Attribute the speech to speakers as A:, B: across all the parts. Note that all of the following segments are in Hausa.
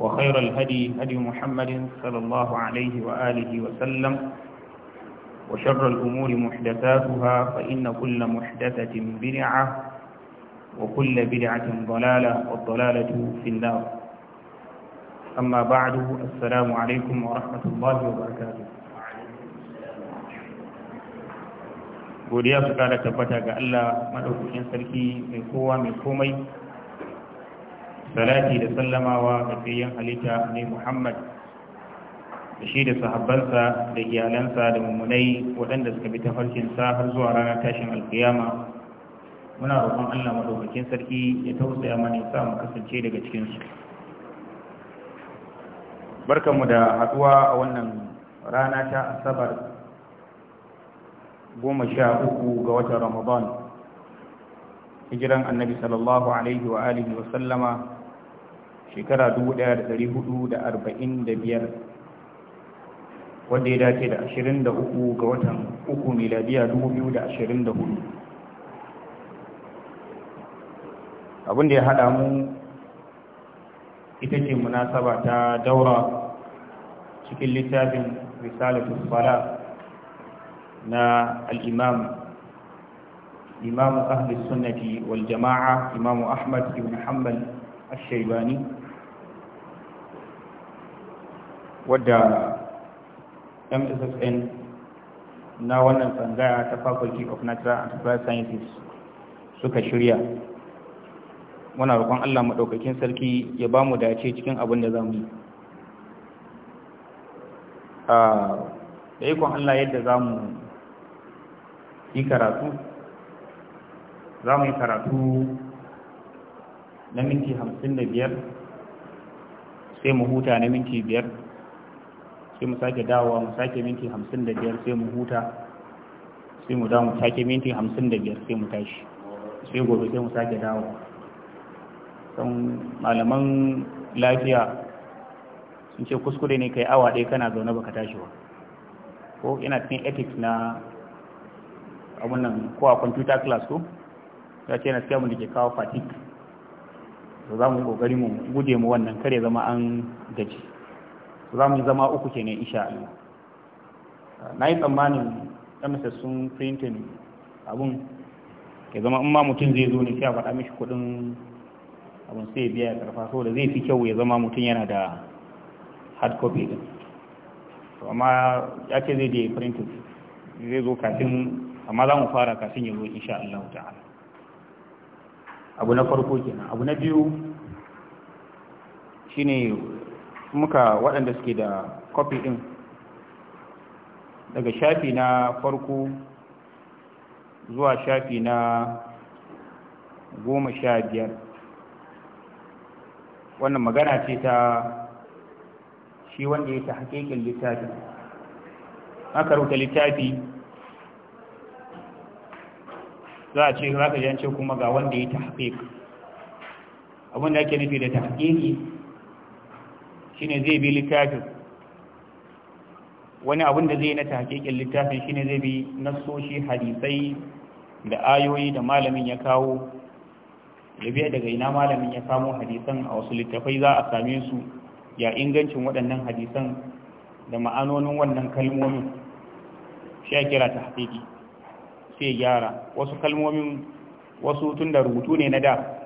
A: وخير الهدي هدي محمد صلى الله عليه وآله وسلم وشر الأمور محدثاتها فإن كل محدثة بدعة وكل بدعة ضلالة والضلالة في النار أما بعد السلام عليكم ورحمة الله وبركاته godiya su kara tabbata ga Allah madaukakin sarki mai kowa mai komai salati da sallamawa ga fiyan halitta ne muhammad da shi da sahabbansa da iyalansa da mummunai waɗanda suka bi ta sa har zuwa ranar tashin alkiyama muna roƙon allah madaukakin sarki ya tausaya mana ya sa mu kasance daga cikin cikinsu barkanmu da haɗuwa a wannan rana ta asabar goma sha uku ga watan ramadan hijiran annabi sallallahu alaihi wa alihi wa sallama shekara 1445 wanda ya dace da 23 ga watan uku miladiya 2024 abinda ya hada mu ita ce munasaba ta daura cikin littafin risalatul fala na al'imam imam ahli sunnati wal jama'a imamu ahmad ibn hanbal الشيباني wadda mssn na wannan tsangaya ta faculty of natural and sciences suka shirya muna roƙon allah maɗaukakin sarki ya ba mu dace cikin abin da za mu yi da ikon allah yadda za mu yi karatu za mu yi karatu na minti hamsin da biyar sai mu huta na minti biyar sai mu sake dawowa mu sake minti hamsin da biyar sai mu huta sai mu dawo mu sake minti hamsin da biyar sai mu tashi sai gobe sai mu sake dawo don malaman lafiya sun ce kuskure ne kai awa ɗaya kana zaune baka tashi ba ko ina cikin ethics na abunan ko a computer class ko ya ce na siyamun da ke kawo fatigue za mu yi ƙoƙari mu guje mu wannan kare zama an gaji za mu zama uku kenan insha Allah na yi tsammanin ɗansa sun printin abun ya zama in ma mutum zai zo ne sai a faɗa mishi kuɗin abun sai biya ya karfa so da zai fi kyau ya zama mutum yana da hard copy din to amma ya ce zai je printin zai zo kafin amma za mu fara kafin ya zo insha Allah ta'ala abu na farko kenan abu na biyu shine muka waɗanda suke da kofi ɗin daga shafi na farko zuwa shafi na goma sha biyar wannan magana ce ta shi wanda ya ta hakikin littafi aka rubuta littafi za a ce za ka jance kuma ga wanda ya ta hakikin abinda ake nufi da ta hakiki shine zai bi littafin wani abin da zai na ta hakikin littafin shine zai bi nasoshi hadisai da ayoyi da malamin ya kawo da biya daga ina malamin ya samu hadisan a wasu littafai za a same su ya ingancin waɗannan hadisan da ma'anonin wannan kalmomin shi ya kira ta hakiki sai gyara wasu kalmomin wasu tun da rubutu ne na da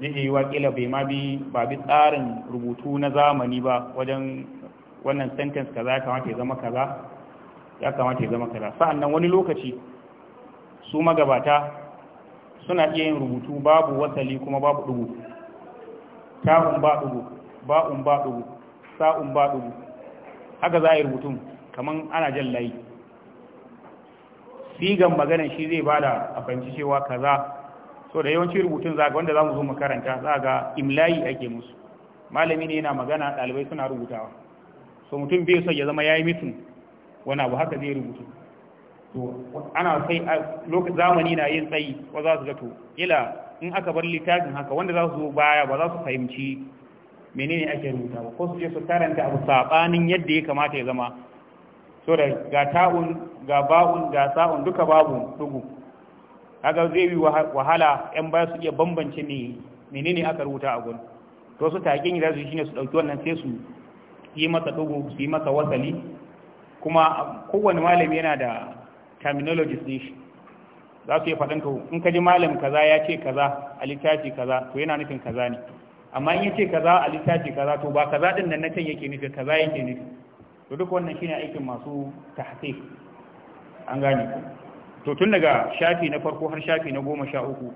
A: zai yi waƙila bai ma bi ba bi tsarin rubutu na zamani ba wajen wannan sentence kaza ya kamata ya zama kaza ya kamata ya zama kaza sa'annan wani lokaci su magabata suna iya yin rubutu babu wasali kuma babu dugu ta'un ba dugu ba'un ba dugu sa'un ba dugu haka za a yi rubutun kaman ana jan layi sigan maganan shi zai bada a fahimci cewa kaza so da yawancin rubutun za wanda za mu zo makaranta za ga imlayi ake musu malami ne yana magana ɗalibai suna rubutawa so mutum bai so ya zama ya yi mitin wani abu haka zai rubutu to ana sai lokacin zamani na yin tsayi ko za su ga to ila in aka bar littafin haka wanda za su baya ba za su fahimci menene ake rubuta ba ko su je su karanta abu sabanin yadda ya kamata ya zama so da ga ta'un ga ba'un ga sa'un duka babu dugu kaga zai yi wahala yan ba su iya bambance ne menene aka rubuta a gun to su taƙin da su shine su ɗauki wannan sai su yi masa ɗugu su yi masa wasali kuma kowane malami yana da terminologies din shi za su yi faɗin to in ka ji malam kaza ya ce kaza a littafi kaza to yana nufin kaza ne amma in ya ce kaza a littafi kaza to ba kaza ɗin nan na can yake nufi kaza yake nufin to duk wannan shine aikin masu tahqiq an gane ku to tun daga shafi na farko har shafi na goma sha uku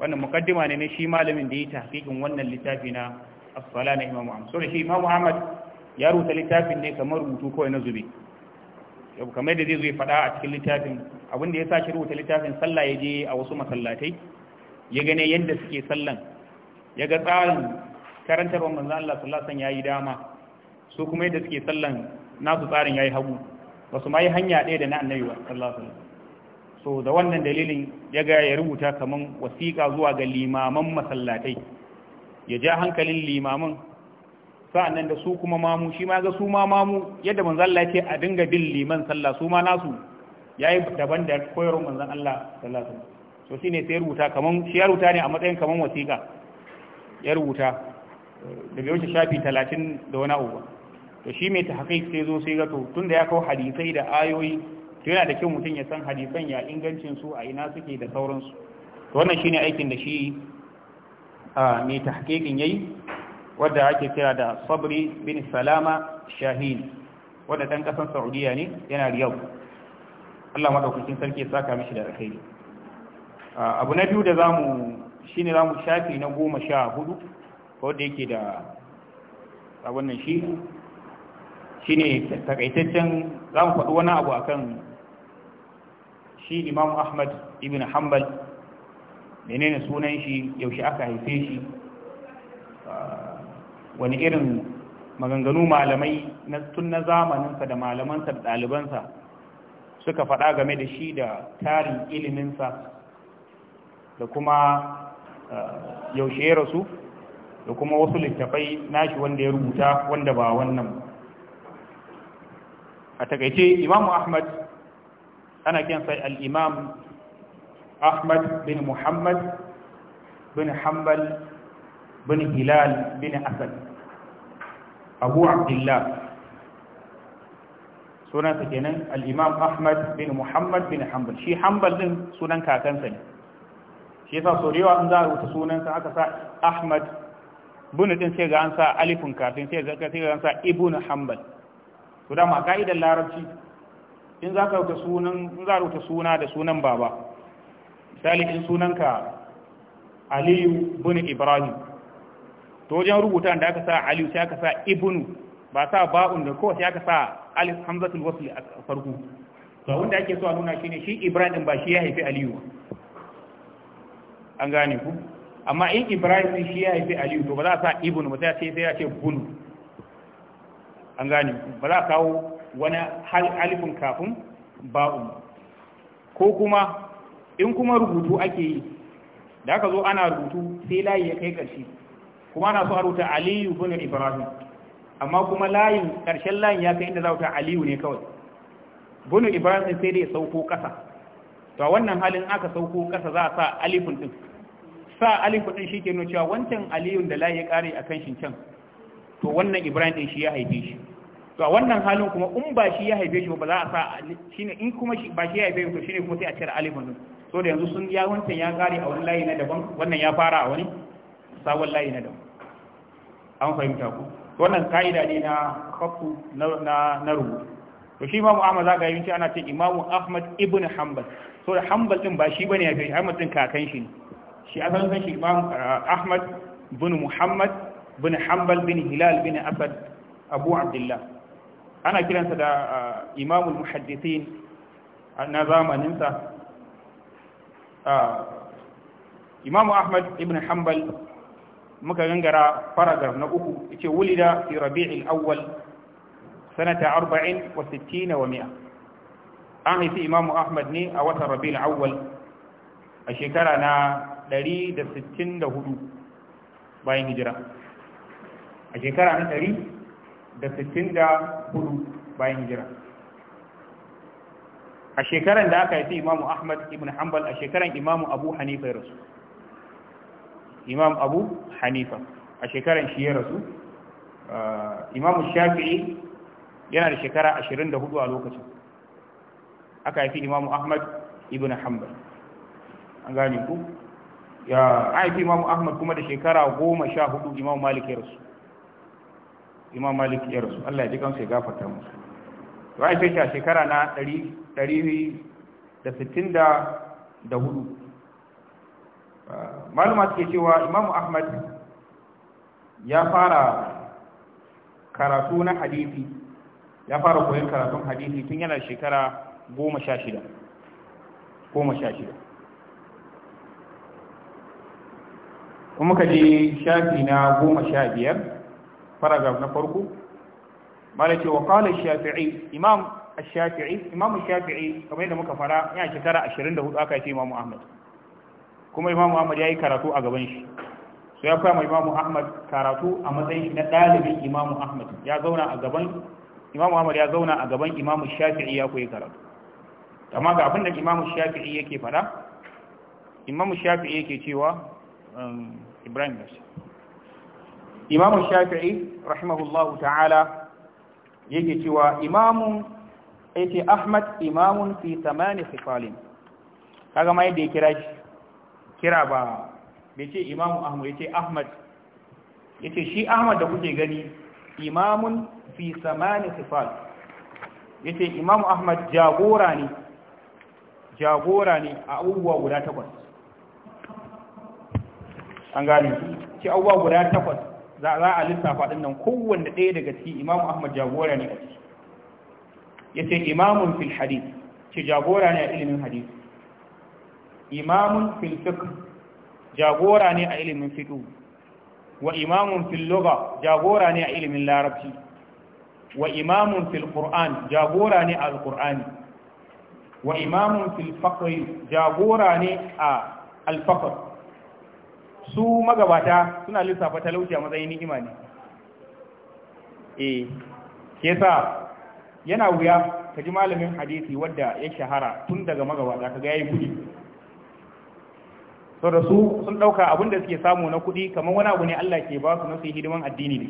A: wannan mukaddima ne na shi malamin da ya hakikin wannan littafi na as-sala na Imam sau da shi Imam Ahmad ya rubuta littafin ne kamar rubutu kawai na zube kamar da zai zo ya faɗa a cikin littafin abinda ya sa shi rubuta littafin sallah ya je a wasu masallatai ya gane yadda suke sallan ya ga tsarin karantarwar manzan Allah sallasan alaihi ya yi dama su kuma yadda suke sallan nasu tsarin ya yi hagu ba su ma yi hanya ɗaya da na annabi wa sallallahu alaihi so da wannan dalilin ya ga ya rubuta kaman wasiƙa zuwa ga limaman masallatai ya ja hankalin limaman sa'annan da su kuma mamu shi ma ga su ma mamu yadda manzo Allah yake a dinga bin liman sallah su ma nasu yayi daban da koyarwar manzon Allah sallallahu alaihi wasallam so shine sai rubuta kaman shi ya rubuta ne a matsayin kaman wasiƙa ya rubuta da bai wuce shafi 30 da wani abu to shi mai tahqiq sai zo sai ga to tunda ya kawo hadisai da ayoyi to yana da kyau mutum ya san hadisan ya ingancin su a ina suke da sauransu to wannan shine aikin da shi a mai tahqiqin yayi wanda ake kira da Sabri bin Salama Shahin wanda dan kasan Saudiya ne yana Riyadh Allah madaukakin sarki ya saka mishi da alkhairi abu na biyu da zamu shine zamu shafi na 14 wanda yake da a wannan shi shine takaitaccen zamu faɗi wani abu akan shi imam ahmad ibn hanbal menene sunan shi yaushe aka haife shi wani irin maganganu malamai na tun na zamaninsa da malamansa da ɗalibansa suka faɗa game da shi da tarin iliminsa da kuma yaushe ya rasu da kuma wasu littafai nashi wanda ya rubuta wanda ba wannan a takaice imamu ahmad ana kiyansa al-imam ahmad bin muhammad bin hanbal bin hilal bin asad abu abdullah sunansa kenan al'imam ahmad bin muhammad bin hanbal shi hanbal din sunan kakansa ne shi yasa so da yawa an za a rubuta sunansa aka sa ahmad bin din sai ga an sa alifin kafin sai ga an sa ibnu hanbal to da ma ka'idar larabci in za ka rubuta sunan in za rubuta suna da sunan baba misali in sunanka aliyu bin ibrahim to wajen rubuta da aka sa aliyu sai aka sa ibnu ba sa ba'un da sai aka sa alif hamzatul wasl a farko to wanda ake so a nuna shine shi ibrahim ba shi ya haifi aliyu an gane ku amma in ibrahim shi ya haifi aliyu to ba za a sa ibnu ba sai sai ya ce bunu an gane ku ba za a kawo wani alifin kafin ba'un ko kuma in kuma rubutu ake yi da aka zo ana rubutu sai layi ya kai ƙarshe kuma ana so a rubuta aliyu bin ibrahim amma kuma layin ƙarshen layin ya kai inda za ta aliyu ne kawai bin ibrahim sai dai sauko ƙasa to wannan halin aka sauko ƙasa za a sa alifin din? sa alifin din shi ke nuna cewa wancan aliyun da layi ya ƙare a kan shi can to wannan ibrahim ɗin shi ya haife shi to a wannan halin kuma in ba shi ya haife shi ba za a sa shine in kuma ba shi ya haife shi to shine kuma sai a cire alifin nun so da yanzu sun ya wancan ya kare a wani layi na daban wannan ya fara a wani sabon layi na daban an fahimta ku wannan ka'ida ne na kafu na na rubutu to shi imamu ahmad za ka yi ana ce imamu ahmad ibn hanbal so da hanbal din ba shi bane ya fi ahmad din kakan shi ne shi asalin san shi imamu uh, ahmad bin muhammad bin hanbal bin hilal bin asad abu abdullah ana kiransa da imamul muhaddisin na zamaninsa imamu ahmad ibn hanbal muka gangara faragar na uku yace wulida fi rabi'il awwal sanata 40 wa 60 wa 100 an haifi imamu ahmad ne a watan rabi'il awwal a shekara na 164 bayan hijira a shekara na da sittin da hudu bayan jira a shekaran da aka haifi imamu ahmad ibn hanbal a shekaran imamu abu hanifa ya rasu imam abu hanifa a shekaran shi ya rasu uh, imamu shafi'i yana da shekara ashirin da hudu a lokacin aka haifi imamu ahmad ibn hanbal an gane ku ya haifi imamu ahmad kuma da shekara goma sha hudu imamu malik ya rasu imam malik ya rasu Allah ya ji kansu ya gafarta musu to ai sai ta shekara na 164 ah, maluma suke cewa imam ahmad ya fara karatu na hadisi ya fara koyon karatun hadisi tun yana shekara goma sha shida kuma ka je shafi na goma sha biyar paragraph na farko ce wa qala shafi'i imam ash-shafi'i imam shafii kamar yadda muka fara yana shekara 24 aka yi imam ahmad kuma imam ahmad yayi karatu a gaban shi so ya koya ma imam ahmad karatu a matsayin shi na dalibin imam ahmad ya zauna a gaban imam ahmad ya zauna a gaban imam shafi'i ya koyi karatu amma ga abin da imam shafi'i yake fara imam shafi'i yake cewa um, ibrahim gashi imamu shafi'i rahimahullahu ta'ala yake cewa imamun yake ahmad imamun fi tamani sifalin kaga ma yadda ya kira shi kira ba bai ce imamu ahmad ya ce ahmad ya ce shi ahmad da kuke gani imamun fi samani sifal ya ce imamu ahmad jagora ne jagora ne a abubuwa guda takwas an gani ce abubuwa guda takwas za a lissafa ɗin nan kowanne ɗaya daga ciki imamu ahmad jagora ne a ciki ya ce imamun fil hadith ce jagora ne a ilimin hadith imamun fil fiqh jagora ne a ilimin fiqh wa imamun fil lugha jagora ne a ilimin larabci wa imamun fil qur'an jagora ne a alqur'ani wa imamun fil faqh jagora ne a al su magabata suna lissafa talauci a matsayin ni'ima ne eh sa yana wuya ka ji malamin hadisi wadda ya shahara tun daga magabata kaga yayi kudi so da su sun dauka abin da suke samu na kudi kamar wani abu ne Allah ke ba su na su hidiman addini ne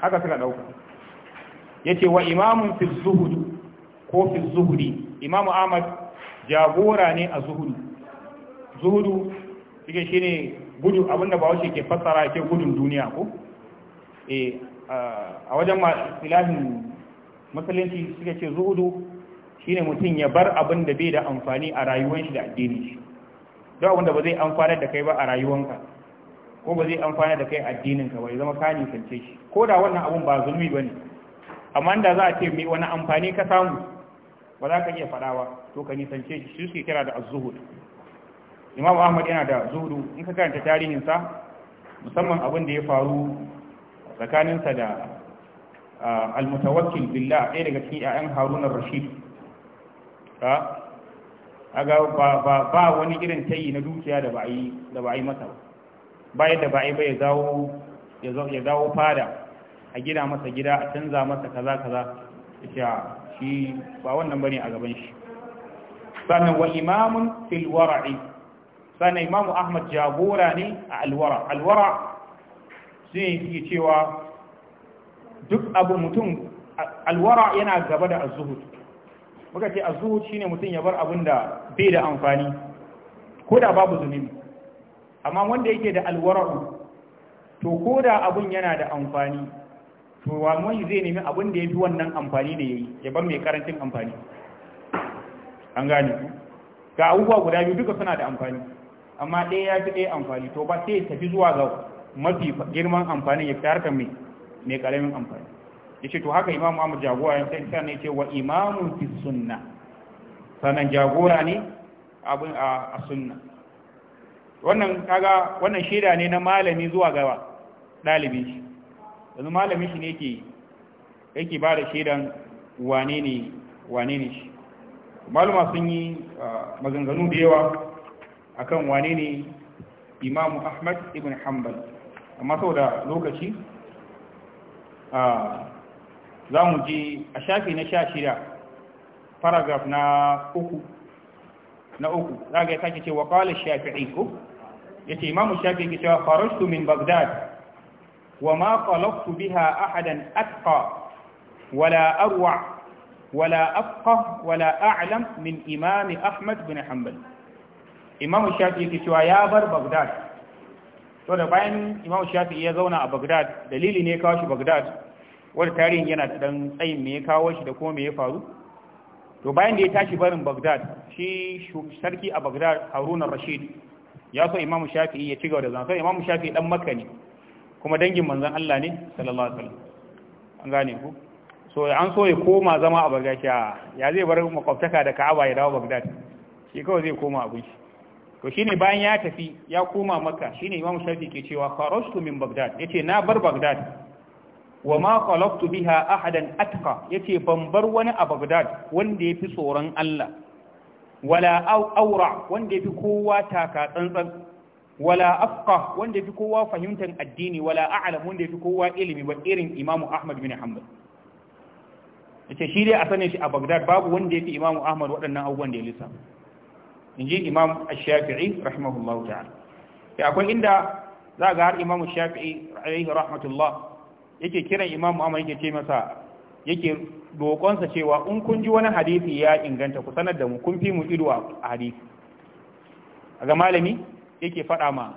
A: haka suka dauka yace wa imamun fi zuhud ko fi zuhudi imamu ahmad jagora ne a zuhudu zuhudu suke shi ne gudun abinda ba ke fassara ke gudun duniya ko eh, a wajen ilahin matsalinci suke ce zuhudu shi ne mutum ya bar abin da bai da amfani a rayuwan shi da addini shi don abinda da ba zai amfana da kai ba a rayuwanka ko ba zai amfana da kai addininka ba ya zama kani kance shi ko da wannan abin ba zulmi ba ne amma da za a ce mai wani amfani ka samu ba za ka iya faɗa ba to ka nisance shi shi suke kira da Azuhud. imamu ahmad yana da zuhudu in ka karanta tarihinsa musamman abin da ya faru tsakaninsa da almutawakkil billah ɗaya daga cikin 'ya'yan harunan rashid ba wani irin tayi na dukiya da ba a yi masa ba yadda ba a yi ba ya zawo fada a gina masa gida a canza masa kaza kaza ya shi ba wannan bane a gaban shi sannan wa imamun fil wara'i sannan imamu ahmad jagora ne a alwara alwara shi yake cewa duk abu mutum alwara yana gaba da azuhud muka ce azuhud shine mutum ya bar abin da bai da amfani ko da babu zunubi amma wanda yake da alwara to ko da abin yana da amfani to wani zai nemi abin da ya fi wannan amfani da ya yi ya bar mai karancin amfani an gane ku ga abubuwa guda biyu duka suna da amfani amma ɗaya ya fi ɗaya amfani to ba sai ta tafi zuwa ga mafi girman amfani ya fi harkar mai mai ƙaramin amfani ya ce to haka imamu amur jagora ya sai ne ce wa imamu fi sunna sannan jagora ne abin a sunna wannan kaga wannan shaida ne na malami zuwa ga ɗalibin shi yanzu malamin shi ne yake yake ba da shaidan wane ne wane ne shi maluma sun yi ah, maganganu da yawa akan wane ne imamu ahmad ibn hanbal amma sau da lokaci za mu ji a shafi na sha shida paragraf na uku na uku za ga ya sake cewa ƙwalar shafi'i ko ya ce imamu shafi'i ke cewa farashtu min bagdad wa ma qalaqtu biha ahadan atqa wala arwa wala afqa wala a'lam min imami ahmad bin hanbal imam shafi yake cewa ya bar bagdad to da bayan imam shafi ya zauna a bagdad dalili ne ya kawo shi bagdad wanda tarihin yana da dan tsayin me ya kawo shi da kuma me ya faru to bayan da ya tashi barin bagdad shi sarki a bagdad haruna rashid ya so imam shafi ya ci gaba da zama imam shafi dan makka ne kuma dangin manzon Allah ne sallallahu alaihi wasallam an gane ku so an so ya koma zama a bagdad ya zai bar makwabtaka da ka'aba ya dawo bagdad shi kawai zai koma abin shi to shine bayan ya tafi ya koma makka shine imam shafi ke cewa kharajtu min baghdad yace na bar Bagdad wa ma qalaqtu biha ahadan atqa yace ban bar wani a Bagdad wanda yafi tsoron Allah wala aura wanda yafi kowa taka tsantsan wala afqa wanda fi kowa fahimtar addini wala a'lam wanda fi kowa ilimi ba irin Imam Ahmad bin Hanbal yace shi dai a sanin shi a Bagdad babu wanda yafi Imam Ahmad waɗannan abubuwan da ya lissafa in ji imam shafi'i rahimahullahu ta'ala ya akwai inda za ga har imam shafi'i alaihi rahmatullah yake kiran imam muhammad yake ce masa yake roƙonsa cewa in kun ji wani hadisi ya inganta ku sanar da mu kun fi mu ido a hadisi ga malami yake faɗa ma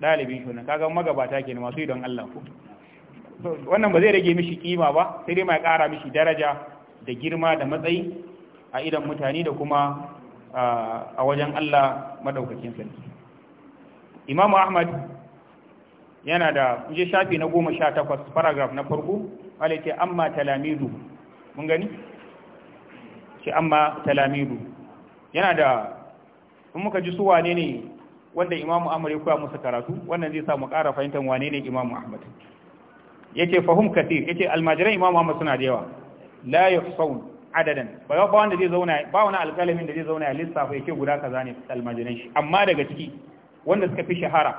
A: ɗalibin shi kaga magabata ke na masu idon Allah ku wannan ba zai rage mishi kima ba sai dai ma ya ƙara mishi daraja da girma da matsayi a idan mutane da kuma a wajen Allah madaukakin sarki Imam Ahmad yana da kuje shafi na goma sha takwas paragraph na farko wale ce amma talamidu mun gani ce amma talamidu yana da in muka ji su wane ne wanda imamu ahmad ya koya musu karatu wannan zai sa mu ƙara fahimtar wane ne imamu ahmad yace fahum kathir yace almajiran imamu ahmad suna da yawa la yuhsawn adadan ba ba wanda zai zauna ba wani alƙalamin da zai zauna ya lissafa yake guda kaza ne almajiran shi amma daga ciki wanda suka fi shahara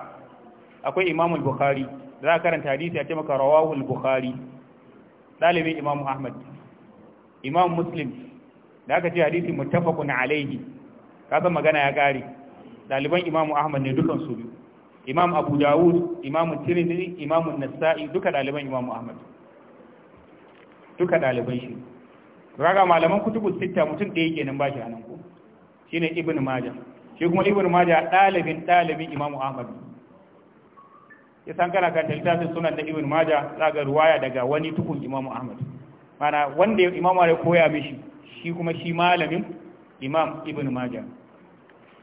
A: akwai Imam al-Bukhari za ka karanta hadisi ya ce maka rawahu al-Bukhari dalibin Imam Ahmad Imam Muslim da aka ce hadisi muttafaqun alayhi ka san magana ya kare daliban Imam Ahmad ne dukan su biyu Imam Abu Dawud Imam Tirmidhi Imam An-Nasa'i duka daliban Imam Ahmad duka daliban shi raga malaman kutubu sitta mutum ɗaya kenan ba shi a nan ko shine ibn majah shi kuma ibn majah ɗalibin ɗalibin imamu ahmad ya san kana kan littafin sunan da ibn majah za ga ruwaya daga wani tukun imamu ahmad mana wanda imamu ya koya mishi shi kuma shi malamin imam ibn majah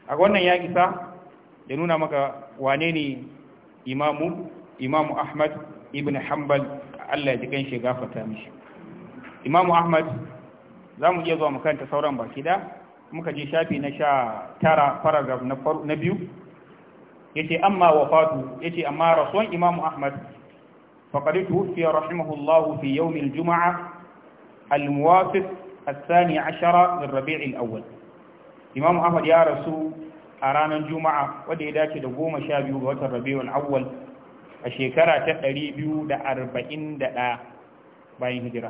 A: a wannan ya isa da nuna maka wane ne imamu imamu ahmad ibn hanbal Allah ya ji kan shi gafarta mishi imamu ahmad za mu iya zuwa makaranta sauran baki da muka je shafi na sha tara paragraph na biyu yace amma wafatu ce amma rasuwan imam ahmad faqad tuwfiya rahimahullah fi yawm al-jum'a al-muwafiq الثاني عشر من ربيع الأول إمام أحمد ya rasu a ranar juma'a wadda ya dace da goma sha biyu ga watan rabiul awwal a shekara ta ɗari biyu da arba'in da ɗaya bayan hijira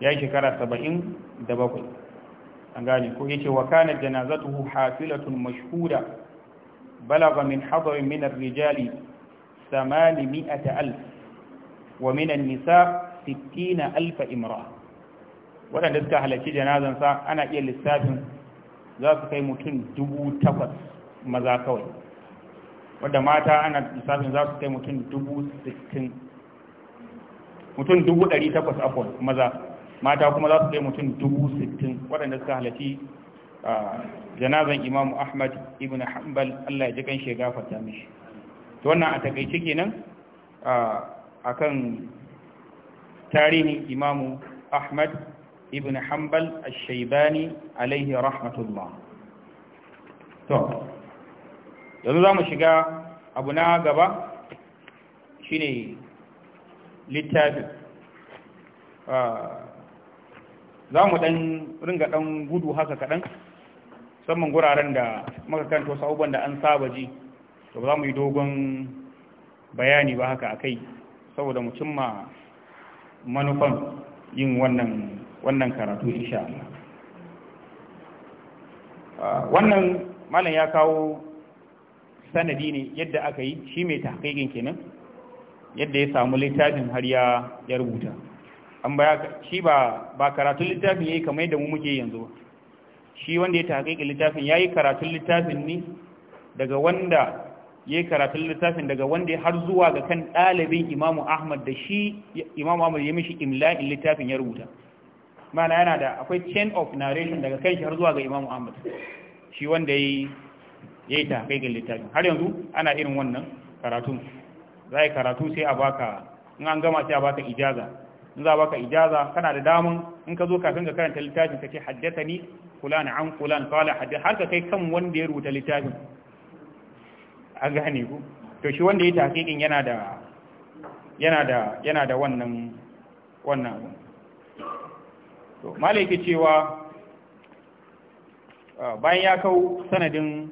A: ya yi shekara saba'in da bakwai an gane ko yace wa kana janazatuhu hafilatun mashhuda balagha min hadarin min ar-rijali 800000 wa min an-nisa 60000 imra wadanda suka halarci janazan sa ana iya lissafin za su kai mutum 8000 maza kawai wadda mata ana lissafin za su kai mutum 60000 mutum 1800 afon maza mata kuma za su kai mutum dubu sittin waɗanda suka a janazan imamu ahmad ibn hanbal allah ya ji kan shiga fata mishi to wannan a takaice kenan a kan tarihin imamu ahmad ibn hanbal ashaibani shaibani alaihi rahmatullah to yanzu za mu shiga abu na gaba shine littafin za mu ɗan ringa ɗan gudu haka kaɗan musamman guraren da makaranta wasu abubuwan da an saba ji to za mu yi dogon bayani ba haka akai saboda mu cimma manufan yin wannan wannan karatu insha Allah ah, wannan malam ya kawo sanadi ne yadda aka yi shi mai tahqiqin kenan yadda ya samu littafin har ya rubuta an baya shi ba ba karatun littafin yayi kamar yadda mu muke yanzu shi wanda ya hakika littafin yayi karatun littafin ne daga wanda yayi karatun littafin daga wanda har zuwa ga kan dalibin Imam Ahmad da shi Imam Ahmad ya mishi imla'in littafin ya rubuta mana yana da akwai chain of narration daga kan shi har zuwa ga Imam Ahmad shi wanda yayi yayi hakika littafin har yanzu ana irin wannan karatun zai karatu sai a baka in an gama sai a baka ijaza in za baka ijaza kana da damun in ka zo kafin ka karanta littafin ka ce haddathani fulan an fulan qala haddath har ka kai kan wanda ya rubuta littafin a gane ku to shi wanda ya tahqiqin yana da yana da yana da wannan wannan abu to malai cewa ah, bayan ya kawo sanadin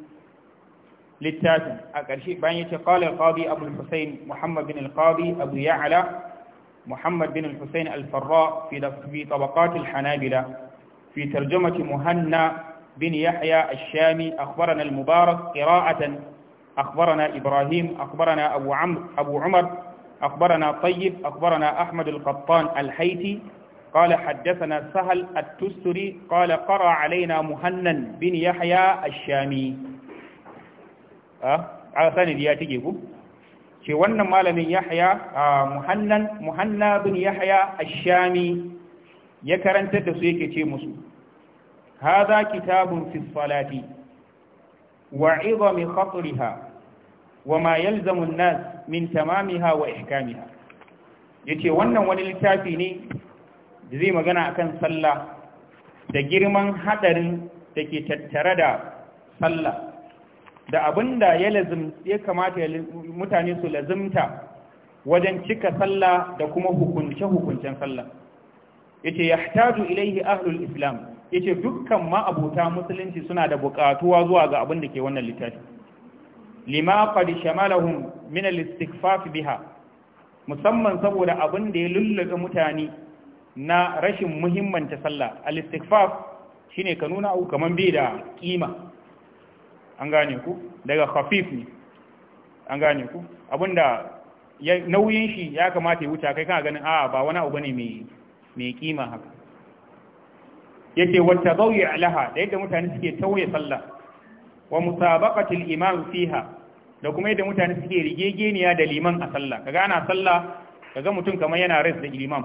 A: littafin a ƙarshe bayan ya ce qala al-qadi abul husayn muhammad bin al-qadi abu ya'la محمد بن الحسين الفراء في طبقات الحنابلة في ترجمة مهنا بن يحيى الشامي أخبرنا المبارك قراءة أخبرنا إبراهيم أخبرنا أبو, عمرو أبو عمر أخبرنا طيب أخبرنا أحمد القطان الحيتي قال حدثنا سهل التستري قال قرأ علينا مهنا بن يحيى الشامي أه على ثاني يقول ce wannan malamin yahya muhannan muhanna bin yahya ashami ya karantar da su yake ce musu haza kitabun fi salati wa 'idami khatriha wa ma yalzamu an-nas min tamamiha wa ihkamiha yace wannan wani littafi ne da zai magana akan sallah da girman hadarin da ke tattare da sallah da abin da ya kamata mutane su lazimta wajen cika sallah da kuma hukunce-hukuncen sallah yace yahtaju ilaihi ahlul islam yace dukkan ma musulunci suna da buƙatuwa zuwa ga abin da ke wannan littafi lima qad shamalahum min al-istighfaf biha musamman saboda abin da ya lullaka mutane na rashin muhimmanta sallah al-istighfaf shine ka nuna au kaman bai da kima an gane ku daga khafif ne an gane ku abinda nauyin shi ya kamata ya wuce kai kana ganin a ba wani abu bane mai mai kima haka yake wata zauyi alaha da yadda mutane suke tauye sallah wa musabaqatil imam fiha da kuma yadda mutane suke rigegeniya da liman a sallah kaga ana sallah kaga mutum kamar yana race da imam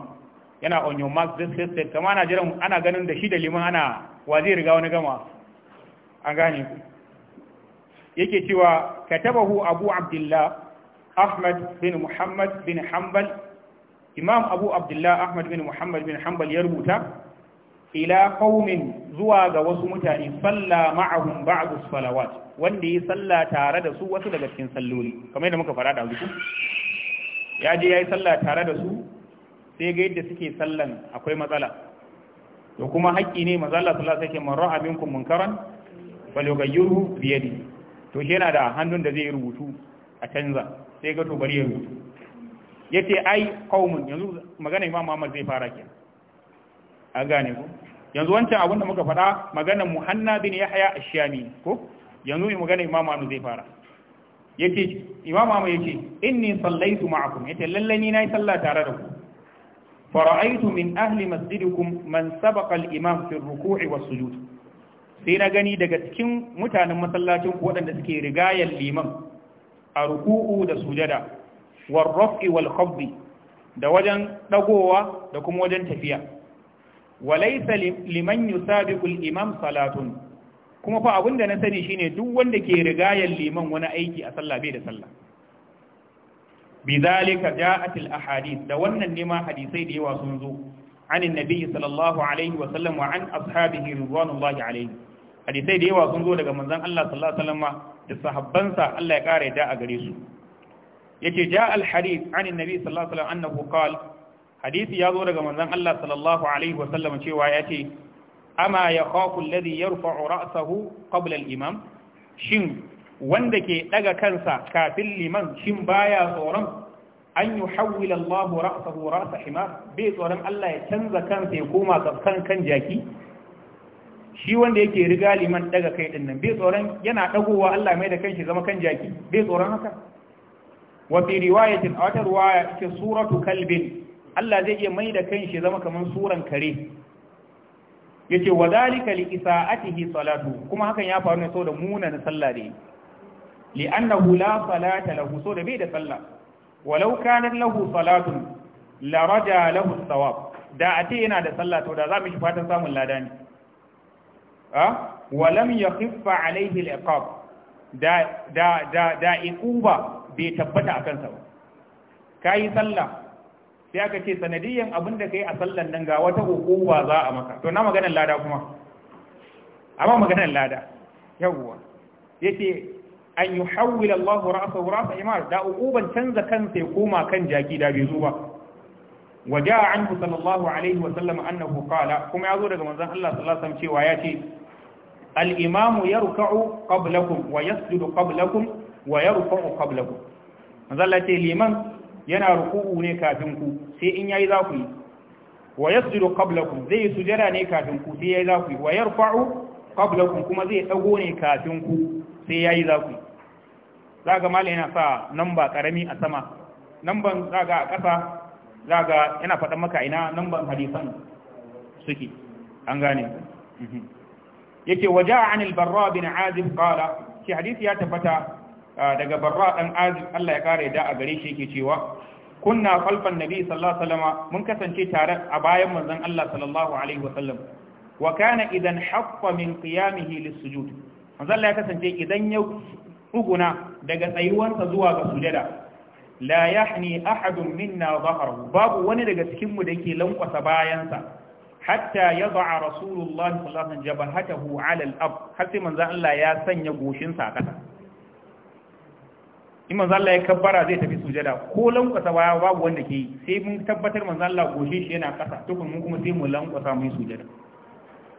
A: yana on your mark this this kamar ana jiran ana ganin da shi da liman ana wa zai riga wani gama an gane ku yake cewa katabahu abu abdullah ahmad bin muhammad bin hanbal imam abu abdullah ahmad bin muhammad bin hanbal ya rubuta ila qaumin zuwa ga wasu mutane salla ma'ahum ba'd salawat wanda yi salla tare da su wasu daga cikin salloli kamar yadda muka fara da su ya je yayi salla tare da su sai ga yadda suke sallan akwai matsala to kuma haƙƙi ne manzo Allah sallallahu alaihi wasallam man ra'a minkum munkaran falyughayyirhu bi yadihi to shi yana da hannun da zai rubutu a canza sai ga to bari ya rubutu ce ai qaumun yanzu magana Imam Muhammad zai fara kenan an gane ko yanzu wancan abin da muka faɗa magana Muhanna bin Yahya a shami ko yanzu magana Imam Muhammad zai fara ya ce Imam Muhammad yace inni sallaitu ma'akum ce lallai ni yi sallah tare da ku fara'aitu min ahli masjidikum man sabaqa al-imam fi ar-ruku'i was-sujud sai na gani daga cikin mutanen masallacin ku waɗanda suke rigayar liman a ruku'u da sujada war raf'i wal khafdi da wajen dagowa da kuma wajen tafiya walaysa liman yusabiqu al imam salatun kuma fa abinda na sani shine duk wanda ke rigayar liman wani aiki a sallah bai da sallah bizalika ja'at al ahadith da wannan ne ma hadisai da yawa sun zo عن النبي صلى الله عليه وسلم وعن أصحابه رضوان الله عليه hadisai da yawa sun zo daga manzon Allah sallallahu alaihi wasallam da sahabbansa Allah ya kare da a gare su yace ja al hadith an annabi sallallahu alaihi wasallam annahu qala hadisi ya zo daga manzon Allah sallallahu alaihi wasallam cewa yace ama yakhafu alladhi yarfa'u ra'sahu qabla al imam shin wanda ke daga kansa kafin liman shin baya tsoron an yi hawila Allah ra'sahu ra'sa himar bai tsoron Allah ya canza kansa ya koma kan kan jaki shi wanda yake riga liman daga kai din nan bai tsoron yana dagowa Allah mai da kanshi zama kan jaki bai tsoron haka wa fi riwayatin a wata riwaya ce suratu kalbin Allah zai iya mai da kanshi zama kaman suran kare yace wa zalika li isaatihi salatu kuma hakan ya faru ne saboda na sallah dai li annahu la salata lahu saboda bai da sallah walau kana lahu salatun la raja lahu thawab da ate yana da sallah to da za mu shi fatan samun lada ne walam ya khiffa alaihi al'iqab da da iquba bai tabbata akan sa ba kai sallah sai aka ce sanadiyan abin da kai a sallan nan ga wata hukuma za a maka to na maganar lada kuma amma maganar lada yawwa yace an yuhawwil Allahu ra'sahu ra'sa imar da uquban canza kansa ya koma kan jaki da bai zuwa waja'a anhu sallallahu alaihi wa sallam kuma yazo daga manzon Allah yace al'imamu ya ruka'u ƙablakun wa ya sujudu ƙablakun wa ya ruka'u ƙablakun manzala ce liman yana ruku'u ne kafin ku sai in yayi za ku yi wa ya sujudu ƙablakun zai sujada ne kafin ku sai yayi za ku yi wa ya ruka'u ƙablakun kuma zai ɗago ne kafin ku sai yayi za ku yi za ga mala yana sa namba ƙarami a sama namban za ga a ƙasa yana faɗan maka ina namban hadisan suke an gane yake a anil albarra bin azib qala shi hadisi ya tabbata ah, daga barra dan azib Allah ya kare da a gare shi yake cewa kunna khalfan nabi sallallahu alaihi wasallam mun kasance tare a bayan manzon Allah sallallahu alaihi wasallam wa kana idan haffa min qiyamihi lis-sujud manzon Allah ya kasance idan ya uguna daga tsayuwansa zuwa ga sujada la yahni ahadun minna dhahrahu babu wani daga cikin mu da yake lankwasa bayansa hatta ya za'a rasulullahi sallallahu alaihi jabahatahu ala al-ab har sai manzo Allah ya sanya goshin sa kasa in manzo Allah ya kabbara zai tafi sujada ko lankwasa baya babu wanda ke yi sai mun tabbatar manzo Allah goshin shi yana kasa tukun mun kuma sai mu lankwasa mu sujada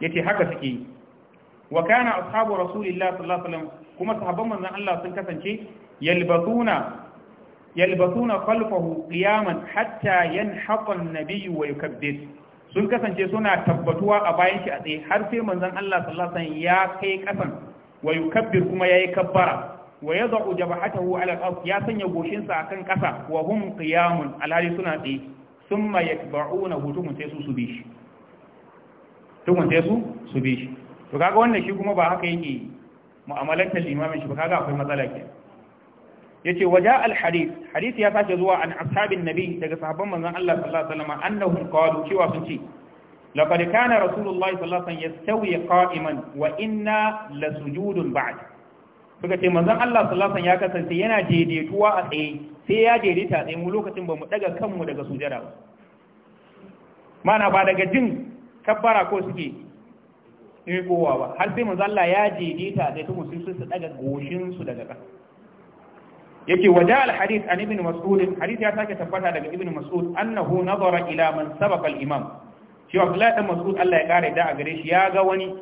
A: yace haka suke yi wa kana ashabu rasulillahi sallallahu alaihi wasallam kuma sahabban manzo Allah sun kasance yalbatuna yalbatuna khalfahu qiyaman hatta yanhaqa an-nabiyyu wa yukabbir sun kasance suna tabbatuwa a bayan shi a tsaye har sai manzon Allah sallallahu alaihi wasallam ya kai kasan wa yukabbir kuma yayi kabbara wa yad'u jabhatahu ala al-ard ya sanya goshinsa akan kasa wa hum qiyamun alhali suna tsaye thumma yatba'una hutumun sai su su shi tukun sai su su shi to kaga wannan shi kuma ba haka yake mu'amalantar limamin shi ba kaga akwai matsala kenan yace waja al hadith hadith ya sace zuwa an ashabin nabi daga sahabban manzon Allah sallallahu alaihi wasallam annahum qalu cewa sun ce laqad kana rasulullahi sallallahu alaihi wasallam yastawi qa'iman wa inna lasujudun ba'd suka ce manzon Allah sallallahu alaihi wasallam ya kasance yana daidaituwa a tsaye sai ya daidaita a tsaye mu lokacin ba mu daga kanmu daga sujada ba mana ba daga jin kabbara ko suke yi kowa ba har sai manzon Allah ya daidaita a tsaye kuma sun su daga goshin su daga ƙasa yake waja al-hadith an ibn mas'ud hadis ya sake tabbata daga ibn mas'ud annahu nazara ila man sabaqa al-imam shi Abdullahi dan Mas'ud Allah ya kare da a shi ya ga wani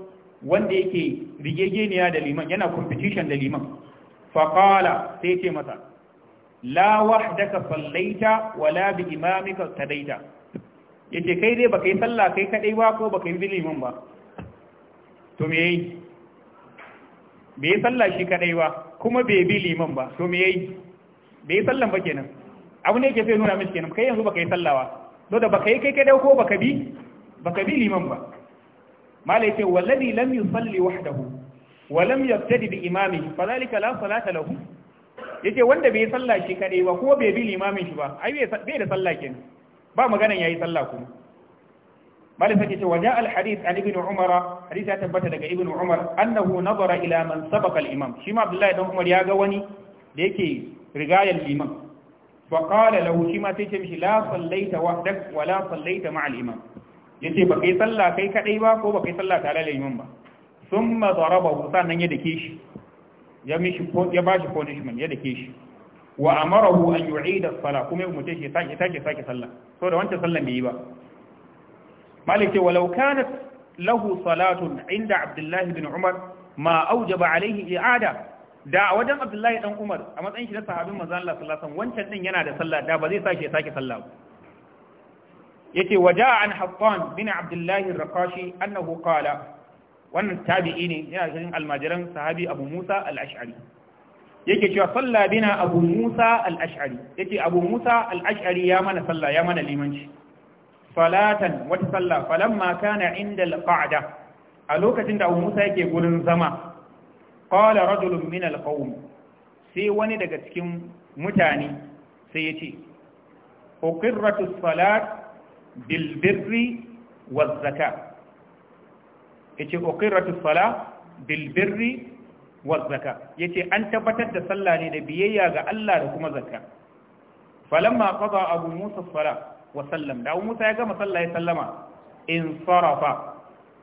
A: wanda yake rigegeniya da liman yana competition da liman fa qala sai ce masa la wahdaka sallaita wala bi imamika tadaita yace kai dai baka yi sallah kai kadai ba ko baka yi bi liman ba to me bai sallah shi kadai ba kuma bai bi liman ba to me yayi bai yi sallan ba kenan abu ne ke sai nuna miki kenan kai yanzu baka yi sallah ba to da baka yi kai kadai ko baka bi baka bi liman ba malai ce wallahi lam yusalli wahdahu wa lam yabtadi bi imamihi fadhalika la salata lahu yace wanda bai yi sallah shi kadai ba ko bai bi limamin shi ba ai bai da sallah kenan ba maganan yayi sallah kuma malam take ce waja al hadith an ibn umara hadith ya tabbata daga ibn umar annahu nazara ila man sabaqa al imam shi ma abdullahi dan umar ya ga wani da yake rigayan liman fa qala lahu shi ma sai ce mishi la sallaita wahdak wa la sallaita ma'a al imam yace ba kai sallah kai kadai ba ko ba kai sallah tare da imam ba thumma darabahu sannan ya dake shi ya mishi ya bashi punishment ya dake shi wa amarahu an yu'ida as-salah kuma ya mutai shi ya sake sake sallah so da wancan sallah bai yi ba malik walau kanat lahu salatun inda abdullahi bin umar ma aujaba alaihi i'ada da wajen abdullahi dan umar a matsayin shi na sahabin manzo Allah wancan din yana da sallah da ba zai sake sake sallah ba yace waja'a an haqqan bin abdullahi ar-raqashi annahu qala wannan tabi'i ne yana cikin almajiran sahabi abu musa al-ash'ari yake cewa sallah bina abu musa al-ash'ari yace abu musa al-ash'ari ya mana sallah ya mana limanci salatan wata salla maka na inda alqa'da a lokacin da Abu Musa yake gurin zama qala rajulun min alqawm sai wani daga cikin mutane sai ya ce uqirratu salat bil birri waz zakat yace uqirratu salat bil birri waz zakat yace an tabbatar da sallah ne da biyayya ga Allah da kuma zakka maka ba abu musa salat wa sallam da Musa ya gama sallah ya sallama in sarafa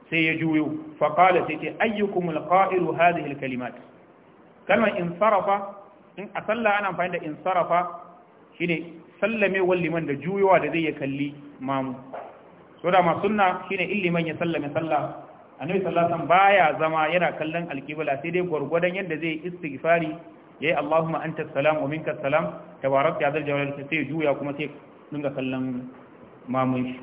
A: sai ya juyo fa qala sai ce ayyukum alqa'ilu hadhihi alkalimat kalmar in sarafa in a sallah ana amfani da in sarafa shine sallame wal liman da juyowa da zai ya kalli mamu sunna shine illiman ya sallame sallah annabi sallallahu alaihi baya zama yana kallon alkibla sai dai gwargwadon yadda zai istighfari yayi allahumma anta salam wa minka salam tabarakta ya zal jalal sai juya kuma sai dinga kallon mamun shi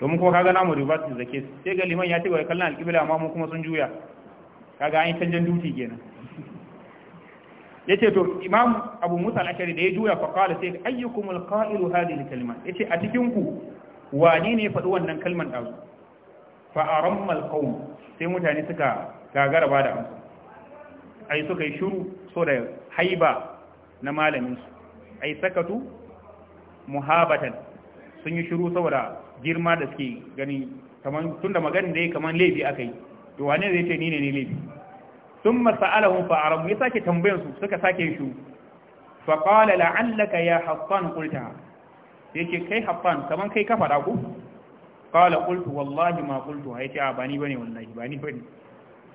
A: domin kuma kaga namu reverse da case sai ga liman ya ce wa kallon alƙibla mamu kuma sun juya kaga an yi canjan duti kenan yace to imam abu musa al-ashari da ya juya fa qala sai ayyukum al-qa'ilu hadhihi al-kalima yace a cikin ku wani ne faɗi wannan kalman dazu fa aramma al-qawm sai mutane suka gagara ba da amsa ai suka yi shiru so da haiba na malamin su ai sakatu muhabatan sun yi shiru saboda girma da suke gani kaman da maganin da ya kaman laifi aka yi to wane zai ce ni ne ne laifi sun masa'alahun fa'aramu ya sake tambayansu suka sake shi faƙala la'allaka ya haffan ƙulta ya ce kai haffan kaman kai kafa ɗaku ƙala ƙultu wallahi ma ƙultu ya ce a ba ni ba ne wallahi ba ni ba ne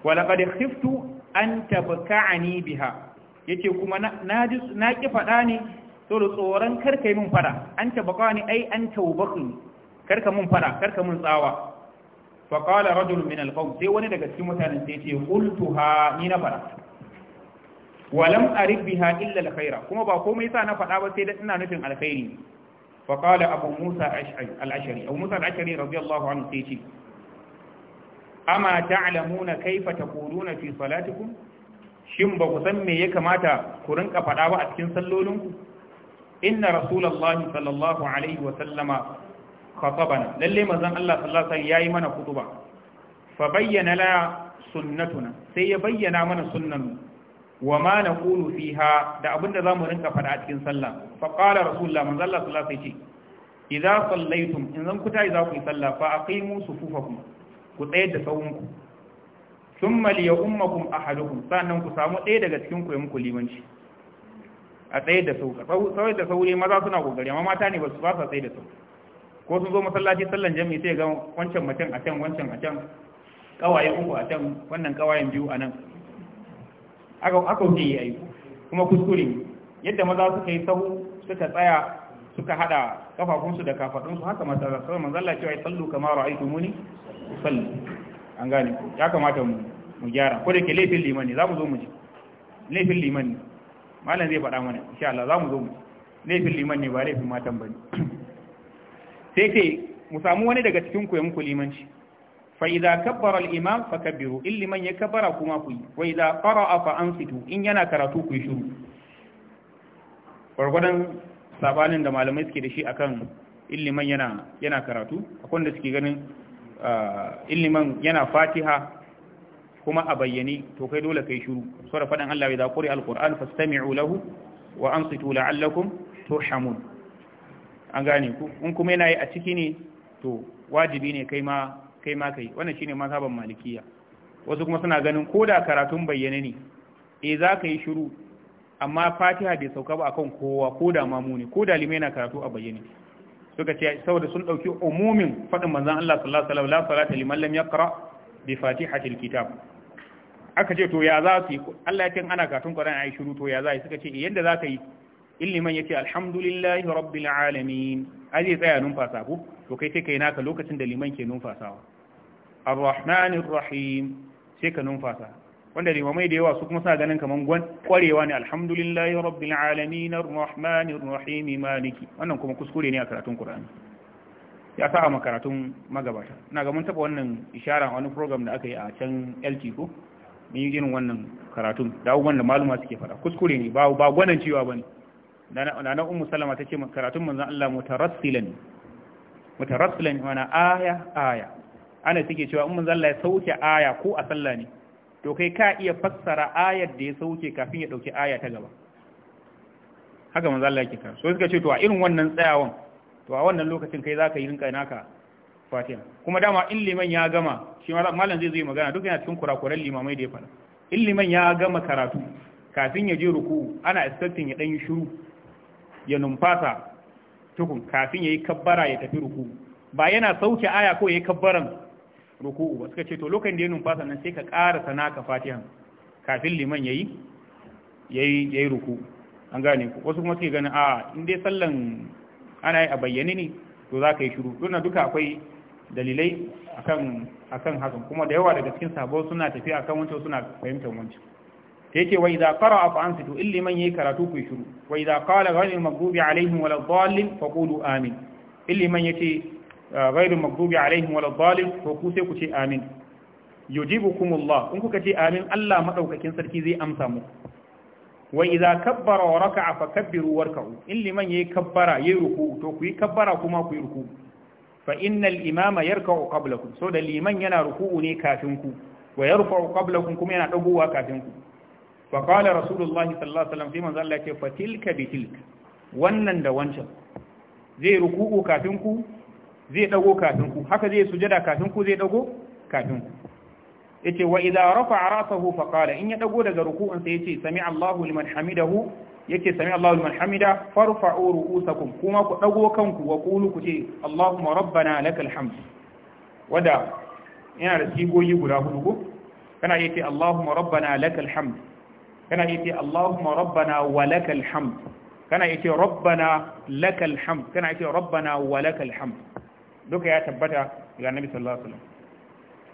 A: walaƙad khiftu an tabka'ani biha ya ce kuma na ƙi faɗa ne saboda tsoron karka yi mun fada an tabaka ni ai an taubakun karka mun fada karka mun tsawa fa qala rajul min al qawm sai wani daga cikin mutanen sai ce qultuha ni na fada walam arif biha illa al khaira kuma ba komai sa na fada ba sai da ina nufin alkhairi fa qala abu musa al-ash'ari abu musa al-ash'ari radiyallahu anhu sai ce amma ta'lamuna kaifa taquluna fi salatikum shin ba ku san me ya kamata ku rinka fada ba a cikin sallolinku inna rasulullahi sallallahu alaihi wa sallama khatabana lalle mazan Allah sallallahu alaihi yayi mana kutuba fa bayyana la sunnatuna sai ya bayyana mana sunnan wa ma naqulu fiha da abinda zamu rinka fada a cikin sallah fa qala rasulullah manzon Allah sallallahu alaihi idza sallaitum in zan kuta idza ku sallah fa aqimu sufufakum ku tsayar da sawunku thumma ummakum ahadukum sannan ku samu ɗaya daga cikin ku muku limanci a tsaye da sau tsawai da sauri maza suna kokari amma mata ne ba su fasa tsaye da sau ko sun zo masallaci sallan jami'i sai ga wancan mutum a can wancan a can kawaye uku a can wannan kawayen biyu a nan aka aka wuce yayi kuma kuskure yadda maza suka yi sahu suka tsaya suka hada kafafunsu da kafadunsu haka mata za su manzo Allah cewa sallu kama ra'aytumuni sallu an gane ya kamata mu mu gyara ko da ke laifin limani za mu zo mu ji laifin limani malam zai faɗa mana insha Allah za mu zo mu laifin liman ne ba laifin matan bane sai ce mu samu wani daga cikin ku ya muku limanci fa idza kabbara al imam in liman ya kabbara kuma ku yi wa idza qara'a fa ansitu in yana karatu ku yi shiru gwargwadon sabanin da malamai suke da shi akan illiman yana yana karatu akwai da suke ganin ah, illiman yana fatiha kuma a bayyane to kai dole kai shiru saboda fadan Allah ya zakuri alquran fastami'u lahu wa ansitu la'allakum turhamun an gane ku in kuma yana yi a ciki ne to wajibi ne kai ma kai ma kai wannan shine mazhaban malikiya wasu kuma suna ganin koda karatun bayyane ne E za ka yi shiru amma fatiha bai sauka ba akan kowa ko da mamu ne ko da limai na karatu a bayyane suka ce saboda sun dauki umumin fadin manzon Allah sallallahu alaihi wasallam la salata liman lam yaqra bi fatihatil kitab aka ce to ya za su yi Allah ya ce ana katun Qur'ani ayi shiru to ya za yi suka ce eh, yanda za ka yi illiman yace alhamdulillahi rabbil alamin aje tsaya numfasa ko to kai sai kai naka lokacin da liman ke numfasawa arrahmanir rahim sai ka numfasa wanda limamai da yawa su kuma suna ganin kaman gwan kwarewa ne alhamdulillahi rabbil alamin arrahmanir rahim maliki wannan kuma kuskure ne a karatun Qur'ani ya sa a makaratun magabata na ga mun taba wannan isharar wani program da aka yi a can LT ko mun yi irin wannan karatun da abubuwan da maluma suke fara kuskure ne ba gwanan cewa ne. na na salama sallama ce karatun manzan Allah mutarassilan mutarassilan mana aya aya ana suke cewa umu zalla ya sauke aya ko a sallah ne to kai ka iya fassara ayar da ya sauke kafin ya dauki aya ta gaba haka manzan Allah yake karatu so suka ce to a irin wannan tsayawan to a wannan lokacin kai zaka yi rinka naka fatiha kuma dama in liman ya gama shi malam zai zai magana duk yana cikin kurakuran limamai da ya faɗa in liman ya gama karatu kafin ya je ruku ana expecting ya yi shiru ya numfasa tukun kafin ya yi kabbara ya tafi ruku ba yana sauke aya ko ya yi kabbaran ruku ba suka ce to lokacin da ya numfasa nan sai ka ƙara sanaka ka fatiha kafin liman ya yi ya ruku an gane ku wasu kuma suke ganin a in dai sallan ana yi a bayyane ne to za ka yi shiru don duka akwai dalilai akan akan hakan kuma da yawa daga cikin sabo suna tafiya kan wancan suna fahimtar wancan ta yake wa idza qara'a fa ansitu illi man yi karatu ku shiru wa idza qala ghayril maghdubi alaihim wal dhalin fa qulu amin illi man yace ah, ghayril maghdubi alaihim wal dhalin ko ku sai ku ce amin yujibukumullah in kuka ce amin Allah maɗaukakin sarki zai amsa muku wa idza kabbara wa raka'a fa kabbiru warka'u illi man yi kabbara yi ruku to ku yi kabbara kuma ku yi ruku fa innal imama yarka'u qablakum so da liman yana ruku'u ne kafin ku wa yarfa'u qablakum kuma yana dagowa kafin ku fa qala rasulullah sallallahu alaihi wasallam sai manzo Allah ya fa tilka bi tilka wannan da wancan zai ruku'u kafin ku zai dago kafin ku haka zai sujada kafin ku zai dago kafin ku yace wa idza rafa'a ra'sahu fa qala in ya dago daga ruku'un sai yace sami Allahu liman hamidahu yake sami Allahu liman hamida farfa'u ru'usakum kuma ku dago kanku wa kulu ku ce Allahumma rabbana lakal hamd wada ina da sigogi guda hudu ko kana yace Allahumma rabbana lakal hamd kana yace Allahumma rabbana wa lakal hamd kana yace rabbana lakal hamd kana yace rabbana wa lakal hamd duka ya tabbata ga Annabi sallallahu alaihi wasallam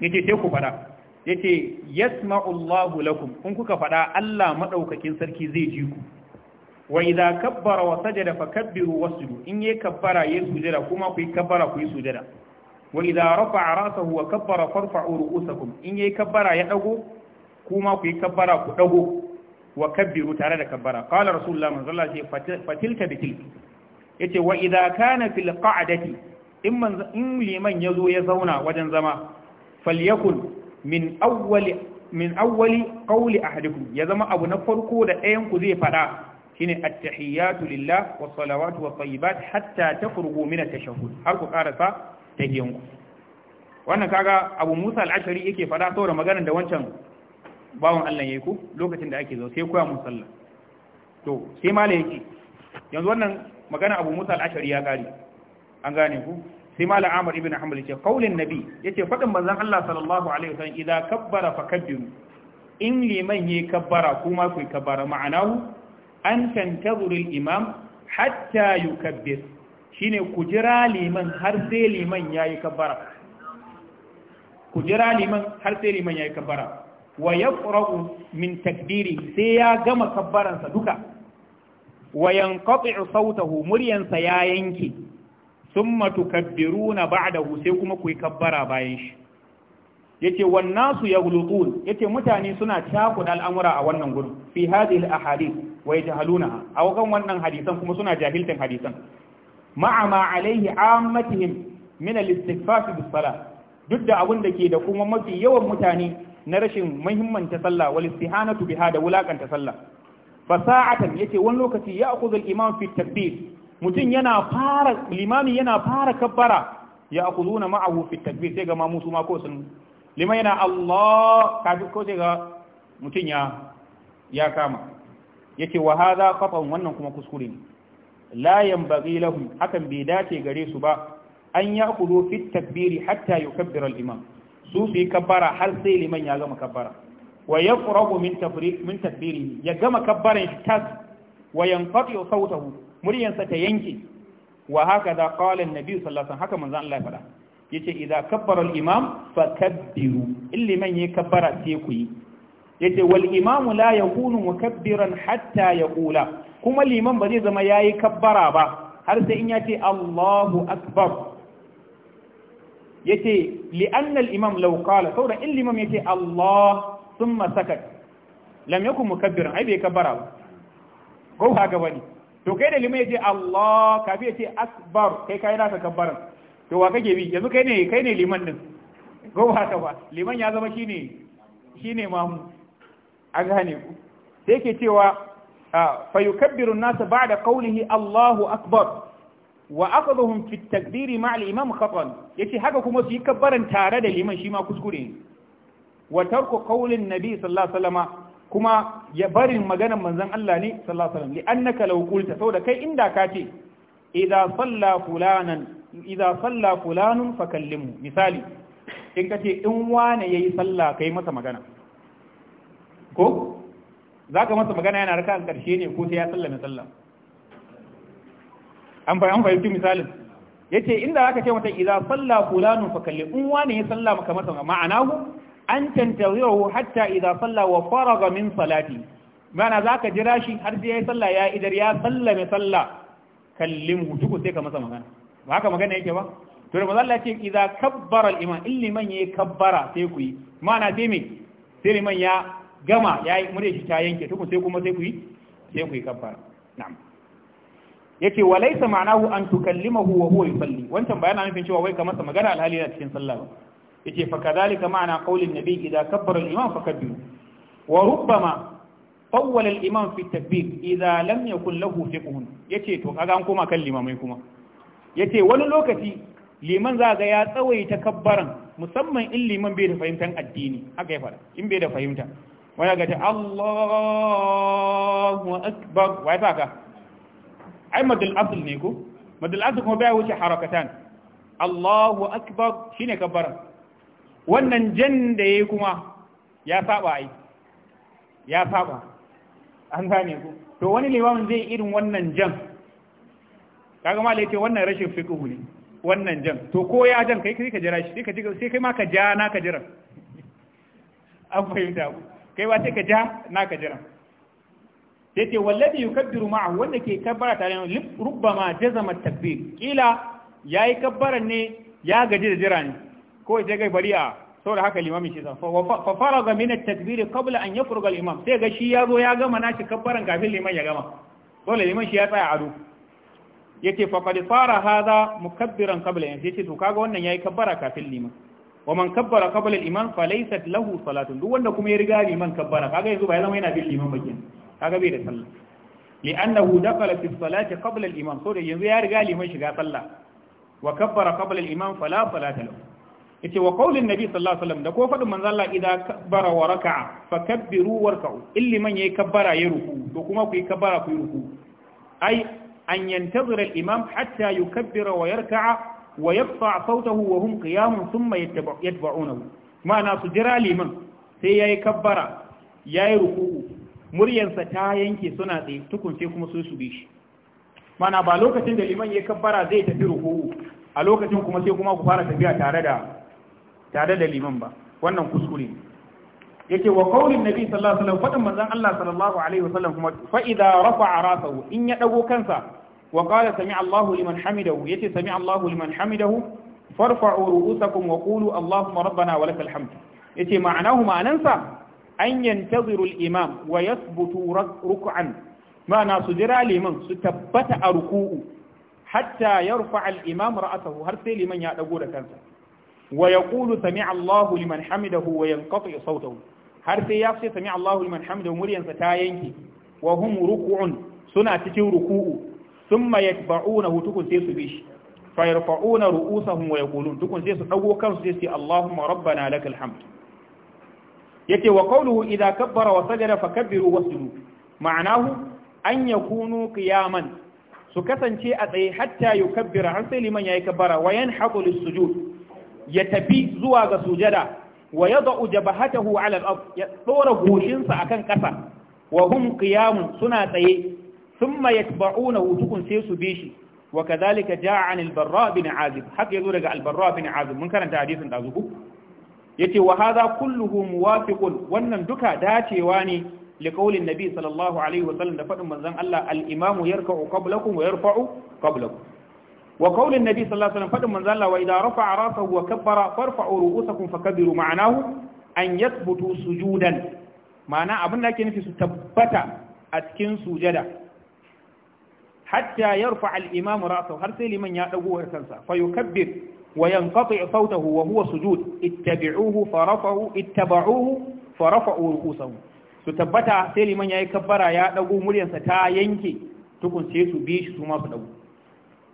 A: yace sai ku fada yace yasma'u Allahu lakum kun kuka fada Allah madaukakin sarki zai ji ku wa idza kabbara wa sajada fakabbiru wasjudu in yayi kabbara yayi sujada kuma ku yi kabbara ku yi sujada wa idza rafa'a ra'sahu wa kabbara farfa'u ru'usakum in yayi kabbara ya dago kuma ku yi kabbara ku dago wa kabbiru tare da kabbara qala rasulullah manzo Allah ce fatilka bitil yace wa idza kana fil qa'dati in man in liman yazo ya zauna wajen zama falyakun min awwali min awwali qawli ahadikum ya zama abu na farko da ɗayan ku zai faɗa. shine at-tahiyatu lillah wa salawatu wa tayyibat hatta tafrugu min at-tashahhud har ku karasa tahiyanku wannan kaga Abu Musa al-Ashari yake fada saboda maganar da wancan bawan Allah yayi ku lokacin da ake zo sai koya mun sallah to sai mala yake yanzu wannan magana Abu Musa al-Ashari ya kare an gane ku sai mala Amr ibn Hanbal yace qaulin nabi yace fadin manzon Allah sallallahu alaihi wasallam idza kabbara fakabbiru in liman yayi kabbara kuma ku kabbara ma'anahu an tantaburi imam hatta shi shine ku jira liman har sai liman yayi kabbara ku jira liman har sai liman yayi kabbara wa ƙura'u min takbiri sai ya gama kabbaransa duka wa yanqati'u sautahu muryansa ya yanke ba da hu sai kuma ku yi kabbara bayan shi yace wan nasu yaghlutun yace mutane suna cakun al'amura a wannan gurin fi hadhihi al-ahadith wa yajhalunaha aw kan wannan hadisan kuma suna jahiltan hadisan ma'a ma alaihi ammatihim min al-istighfar bis salah duk da abin da ke da kuma mafi yawan mutane na rashin muhimmanta sallah wal istihanatu biha da wulakanta sallah fa sa'atan yace wani lokaci ya akhudhu al-imam fi takbir mutum yana fara limami yana fara kabbara ya akhuduna ma'ahu fi takbir sai ga ma musu ma ko sun liman yana Allah kafin ko sai ga mutum ya ya kama yace wa hadha qatan wannan kuma kuskure ne la yanbaghi lahum hakan bai dace gare su ba an ya'khudhu fi takbiri hatta yukabbira al-imam su su yi kabbara har sai liman ya gama kabbara wa ya min tafriq min takbiri ya gama kabbaran shi tas wa yanqati sautahu muryansa ta yanke wa haka za qala an-nabi sallallahu alaihi wasallam haka manzon Allah ya faɗa yace idza kabbara al-imam fakabbiru liman ya kabbara sai ku yi yace wal imam la yakunu mukabbiran hatta yaqula kuma liman ba zai zama yayi kabbara ba har sai in yace Allahu akbar yace li'anna al-imam law qala saboda in liman yace Allah thumma sakat lam yakun mukabbiran ai bai kabbara ba ko haka bane to kai da liman yace Allah kafi yace akbar kai kai ka kabbaran to wa kake bi yanzu kai ne kai ne liman din ko ba ta ba liman ya zama shine shine mamu a gane ku sai yake cewa ah, fa yukabbiru an ba'da qawlihi Allahu akbar wa aqdhum fi at-takbir ma'a al-imam khatan yace haka kuma su yi kabbaran tare da liman shi ma kuskure ne wa tarku qawlin nabi sallallahu alaihi wasallam kuma ya bari maganar manzon Allah ne sallallahu alaihi wasallam li annaka law qulta saboda kai inda ka ce idza salla fulanan idza salla fulanun fakallimu misali in ka ce in wane yayi salla kai masa magana ko zaka masa magana yana raka karshe ne ko sai ya sallame sallah an an fahimci misalin yace inda zaka ce mata idza salla fulanun fakalli in wane ya salla maka masa ku? an yau hatta idza salla wa faraga min salati mana zaka jira shi har sai ya salla ya idar ya sallame sallah kallimhu tuku sai ka masa magana ba haka magana yake ba to da mazalla ce idza kabbara al-imam illiman yayi kabbara sai ku yi ma'ana sai me sai liman ya gama yayi mure shi ta yanke tukun sai kuma sai ku yi sai ku yi kabbara na'am yace wa laysa ma'nahu an tukallimahu wa huwa yusalli wancan bayana nufin cewa wai kamar sa magana alhali yana cikin sallah ba yace fa kadhalika ma'ana qaulin nabi idza kabbara al-imam kabbiru wa rubbama طول الإمام في takbir إذا lam yakun lahu fiqhun يتي to kaga an koma kan limamai kuma Ya ce wani lokaci liman za ga ya tsawaita kabbaran musamman in liman bai da fahimtar addini aka yi fara in bai da fahimta wani ga ta Allahu akbar wai fa ka ai madal asl ne ko madal asl kuma bai wuce harakatan Allahu akbar shine kabbaran wannan jan da yayi kuma ya saba ai ya saba an gane ku to wani limamin zai irin wannan jan kaga malai ce wannan rashin fiqhu ne wannan jan to ko ya jan kai kai ka jira shi sai kai ma ka ja na ka jira an fahimta ku kai ba sai ka ja na ka jira sai ce wallabi yukaddiru ma wanda ke kabbara tare da rubbama jazama takbir kila yayi kabbaran ne ya gaji da jira ne ko je ga bari a saboda haka limamin shi sa fa faraga min at-takbir qabla an yafruga al-imam sai ga shi ya zo ya gama na shi kabbaran kafin liman ya gama dole liman shi ya tsaya a ado yace fa qad sara hadha mukabbiran qabla an yace to kaga wannan yayi kabbara kafin liman wa man kabbara qabla al-iman falaysat lahu salatun duk wanda kuma ya riga liman kabbara kaga yanzu ba ya zama yana bin liman bakin kaga bai da sallah li'annahu dakala fi salati qabla al-iman so da yanzu ya riga liman shiga sallah wa kabbara qabla al-iman fala salata lahu yace wa qaulin nabi sallallahu alaihi wasallam da ko fadin manzo Allah idan kabbara wa raka'a fakabbiru warka'u illi man yayi kabbara yayi ruku to kuma ku yi kabbara ku yi ruku ai an yantazira al-imam hatta yukabbira wa yarka'a wa yaqta' sawtahu wa hum qiyamun thumma yattaba'unahu ma'ana su jira liman sai yayi kabbara yayi ruku'u muryarsa ta yanke suna tsaye tukun sai kuma sun shubi shi ma'ana ba lokacin da liman yayi kabara zai tafi ruku'u a lokacin kuma sai kuma ku fara tafiya tare da liman ba wannan kuskure ne yake wa qaulin nabi sallallahu alaihi wasallam Allah sallallahu alaihi wasallam kuma fa idza rafa'a rasahu in ya dago kansa wa qala sami Allahu liman hamidahu yace sami Allahu liman hamidahu farfa'u ru'usakum wa qulu Allahumma rabbana wa lakal hamd yace ma'anahu ma'anansa an yantaziru al-imam wa yathbutu ruk'an su jira liman su tabbata a ruku'u hatta yarfa al-imam ra'sahu har sai liman ya dago kansa wa yaqulu sami Allahu liman hamidahu wa yanqati sautahu har sai ya se sami Allahu liman hamidahu ta yanki wa ruku'un suna cikin ruku'u thumma yatba'unahu tukun sai su bi shi fa yarfa'una ru'usahum wa tukun sai su dago kansu sai su Allahumma rabbana lakal hamd yace wa qawluhu idza kabbara wa sajada fakabbiru wasjudu ma'anahu an yakunu qiyaman su kasance a tsaye hatta yukabbira har sai liman yayi kabbara wa yanhaqu lis-sujud ya tafi zuwa ga sujada wa yada'u jabahatahu 'ala al-ard ya tsora goshinsa akan kasa wa hum qiyamun suna tsaye thumma yatba'una wutukun sai su bi shi wa kadhalika ja'a an al-barra bin azib haka yazo daga al-barra bin azib mun karanta hadisin da zuku yace wa hadha kulluhu muwafiqun wannan duka dacewa ne li qaulin nabi sallallahu alaihi wa sallam da fadin manzon Allah al-imamu yarka'u wa yarfa'u qablakum wa qaulin nabi sallallahu alaihi wa sallam fadin manzon Allah wa idha rafa'a wa ma'anahu an sujudan ma'ana abin da ake nufi su tabbata a cikin sujada hatta ya al-imam ra'sahu har sai liman ya dago wa kansa fa yukabbir wa yanqati sautahu wa huwa sujud ittabi'uhu farafahu ittaba'uhu farafa'u rukusahum su tabbata sai liman ya yi kabbara ya dago muryarsa ta yanke tukun sai su bi shi su ma su dago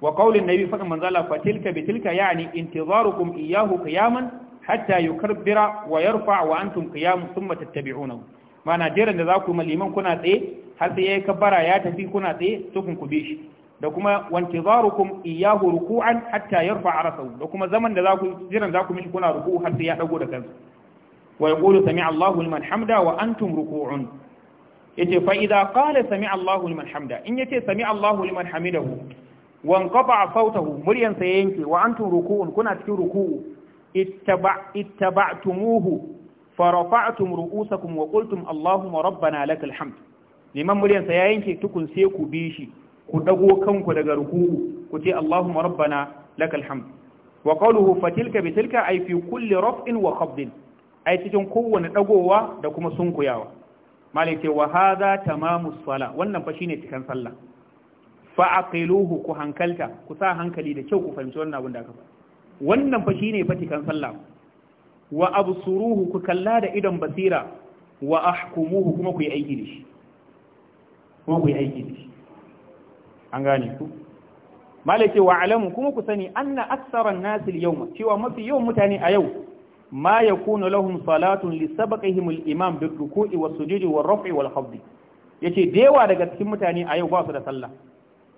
A: wa qaulin nabi fadin manzala fa tilka bi tilka yani intizarukum iyyahu qiyaman hatta karbira wa yarfa wa antum qiyam thumma tattabi'unahu mana jiran da za ku maliman kuna tsaye har sai yayi kabbara ya tafi kuna tsaye tukun kube shi da kuma wantizarukum iyyahu ruku'an hatta yarfa'a rasahu da kuma zaman da zaku jiran zaku mishi kuna ruku'u har sai ya dago da kansa wa yaqulu sami'a Allahu liman hamda wa antum ruku'un yace fa idza qala sami'a Allahu liman hamda in yace sami'a Allahu liman hamidahu wa anqata'a sautahu muryan sa yanke wa antum ruku'un kuna cikin ruku'u ittaba ittaba'tumuhu فرفعتم رؤوسكم وقلتم اللهم ربنا لك الحمد liman muryansa ya yanke tukun sai ku bi shi ku dago kanku daga ruku'u ku ce Allahumma rabbana lakal hamd wa qawluhu fatilka bitilka ay fi kulli raf'in wa khafdin ay cikin kowane dagowa da kuma sunkuyawa malik ce wa hadha tamamu sala wannan fa shine cikan sallah fa aqiluhu ku hankalta ku sa hankali da kyau ku fahimci wannan abin da aka faɗa wannan fa shine fa cikan sallah wa absuruhu ku kalla da idon basira wa ahkumuhu kuma ku yi aiki da shi kuma ku yi aiki da shi an gane ku malai wa alamu kuma ku sani anna aksaran nasil yau cewa mafi yawan mutane a yau ma ya kuna lahun salatun li sabaqihim al-imam bi ruku'i wa sujudi wa raf'i wal ce da dewa daga cikin mutane a yau ba su da sallah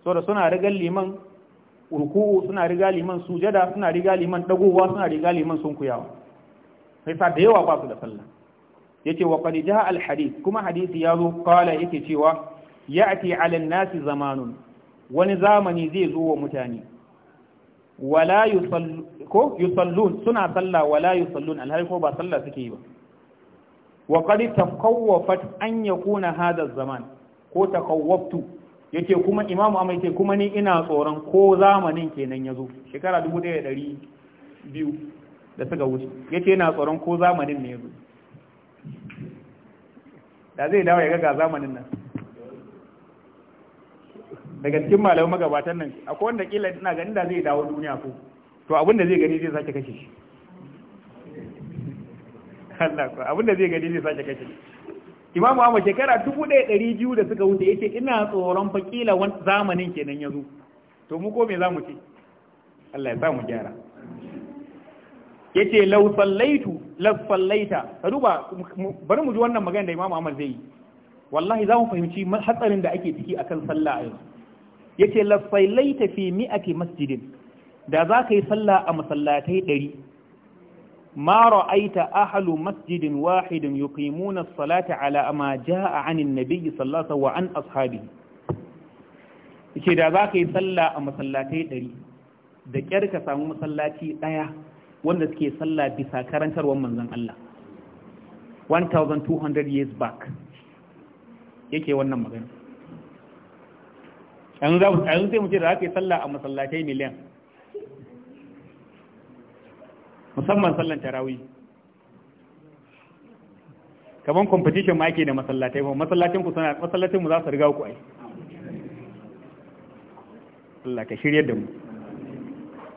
A: da suna rigar liman ruku'u suna riga liman sujada suna riga liman dagowa suna riga liman sunkuyawa sai sa da yawa ba su da sallah Ya ce wa qad al hadith kuma hadisi zo qala yake cewa ya'ti 'ala nasi zamanun wani zamani zai zo wa mutane wala ko yusallun suna sallah wala yusallun alhari ko ba sallah suke yi ba wa qad taqawwafat an yakuna hadha zaman ko taqawwaftu yake kuma imamu amma yake kuma ni ina tsoron ko zamanin kenan yazo shekara 1200 da suka wuce yace ina tsoron ko zamanin ne yazo da zai dawo ya ga zamanin nan daga cikin malamai magabatan nan akwai wanda kila ina ganin da zai dawo duniya ko to abin da zai gani zai sake kashe shi Allah ko abin da zai gani zai sake kashe shi Imam Muhammad shekara 1200 da suka wuce yace ina tsoron fa kila zamanin kenan yazo to mu ko me zamu ce Allah ya sa mu gyara yace law sallaitu la sallaita ka duba bari mu ji wannan magana da Imam Muhammad zai yi wallahi za mu fahimci hatsarin da ake ciki akan sallah a yanzu yace lafailaita mi'a mi'ati masjidin da za ka yi sallah a masallatai ɗari ma ra'aita ahlu masjidin wahidin yuqimuna as-salata ala ma jaa 'anil nabiy sallallahu wa an ashabihi yace da za ka yi sallah a masallatai ɗari da kyar ka samu masallaci ɗaya wanda suke sallah bisa karantarwar manzon Allah 1200 years back yake wannan magana yanzu sai mu ce da ake sallah a masallatai miliyan musamman sallan tarawi kaman competition ma ake da masallatai ba masallatin ku sana masallatin mu za su riga ku ai Allah ka shirya da mu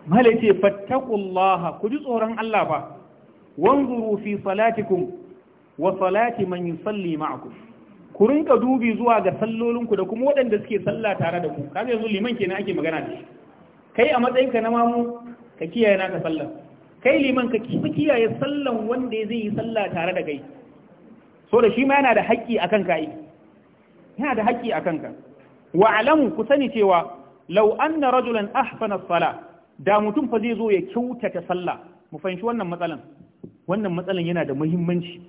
A: malai ce fattaqullaha ku ji tsoron Allah ba wanzuru fi salatikum wa salati man yusalli ma'akum ku rinka dubi zuwa ga sallolinku da kuma waɗanda suke sallah tare da ku kaga yanzu liman kenan ake magana da shi kai a matsayinka na mamu ka kiyaye naka sallah kai liman ka kiyaye sallan wanda zai yi sallah tare da kai so da shi ma yana da haƙƙi a kanka yana da haƙƙi a kanka wa alamu ku sani cewa law anna rajulan ahsana sala da mutum fa zai zo ya kyautata sallah mu fahimci wannan matsalan wannan matsalan yana da muhimmanci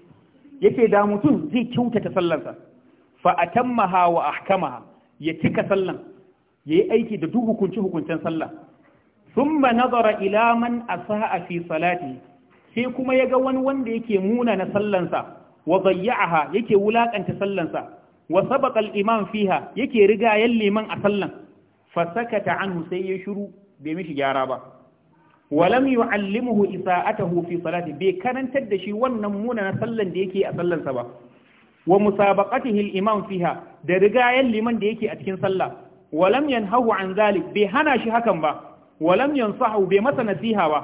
A: yake da mutum zai kyautata sallarsa fa atammaha wa ahkamaha ya cika sallan yayi aiki da duk hukunci hukuncen sallah thumma nazara ila man sa'a fi salati sai kuma ya ga wani wanda yake muna na sallansa wa zayya'aha yake wulaƙanta sallansa wa sabaqa al-imam fiha yake riga yan liman a sallan fa sakata sai ya shiru bai mishi gyara ba walam yu'allimuhu isa'atahu fi salati bai karantar da shi wannan muna na sallan da yake a sallansa ba wa musabaqatihi al-imam fiha da rigayen liman da yake a cikin sallah walam yanhahu an zalik bai hana shi hakan ba walam yansahu bai masa nasiha ba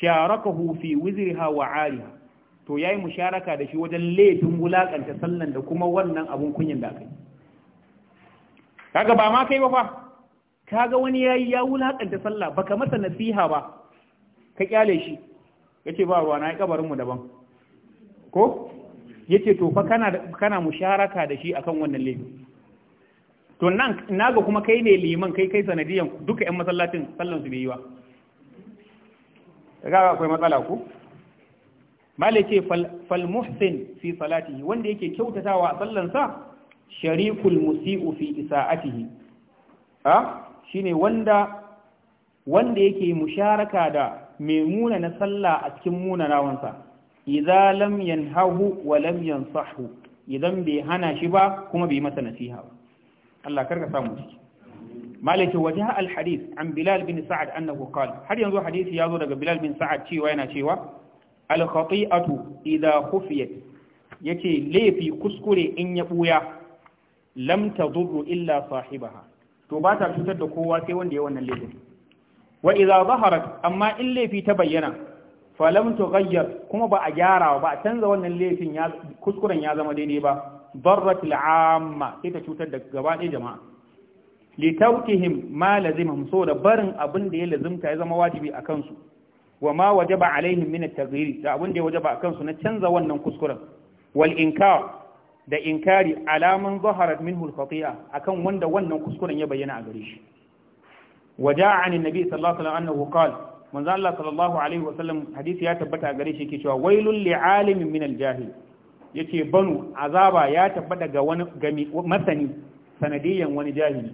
A: sharakahu fi wizriha wa ariha to yayi musharaka da shi wajen laifin wulakanta sallan da kuma wannan abun kunyin da kai kaga ba ma kai ba fa kaga wani yayi ya wulakanta sallah baka masa nasiha ba ka kyale shi yace ba ruwa na kabarin mu daban ko yace to fa kana kana musharaka da shi akan wannan laifi to nan naga kuma kai ne liman kai kai sanadiyan duka 'yan masallacin sallan bai yi wa kaga akwai matsala ku mala ce fal muhsin fi salatihi wanda yake kyautatawa a sallansa sharikul musiu fi isaatihi ha shine wanda wanda yake musharaka da mai muna na sallah a cikin munanawansa idza lam yanhahu wa lamyan sahu, idan bai hana shi ba kuma bai masa nasiha ba Allah karka samu ciki malaki al alhadith an bilal bin sa'ad annahu qala har yanzu hadisi yazo daga bilal bin sa'ad cewa yana cewa al khati'atu Hufyat khufiyat yace laifi kuskure in ya buya lam tadurru illa sahibaha to ba ta cutar da kowa sai wanda ya wannan laifin wa idza zaharat amma in laifi ta bayyana falam tughayyar kuma ba a gyara ba a canza wannan laifin ya kuskuren ya zama daidai ba darrat al'amma sai ta cutar da gaba ɗaya jama'a li tawkihim ma lazimhum so da barin abin da ya lazimta ya zama wajibi a kansu wa ma wajaba alaihim min at-taghyir da abin da ya wajaba a kansu na canza wannan kuskuren wal inkar da inkari alaman zaharat minhu al-khati'a akan wanda wannan kuskuren ya bayyana a gare shi وجاء عن النبي صلى الله عليه وسلم أنه قال manzo Allah sallallahu alaihi sallam hadisi ya tabbata gare shi yake cewa wailul li'alimin min al-jahil yace banu azaba ya tabbata ga wani masani sanadiyan wani jahili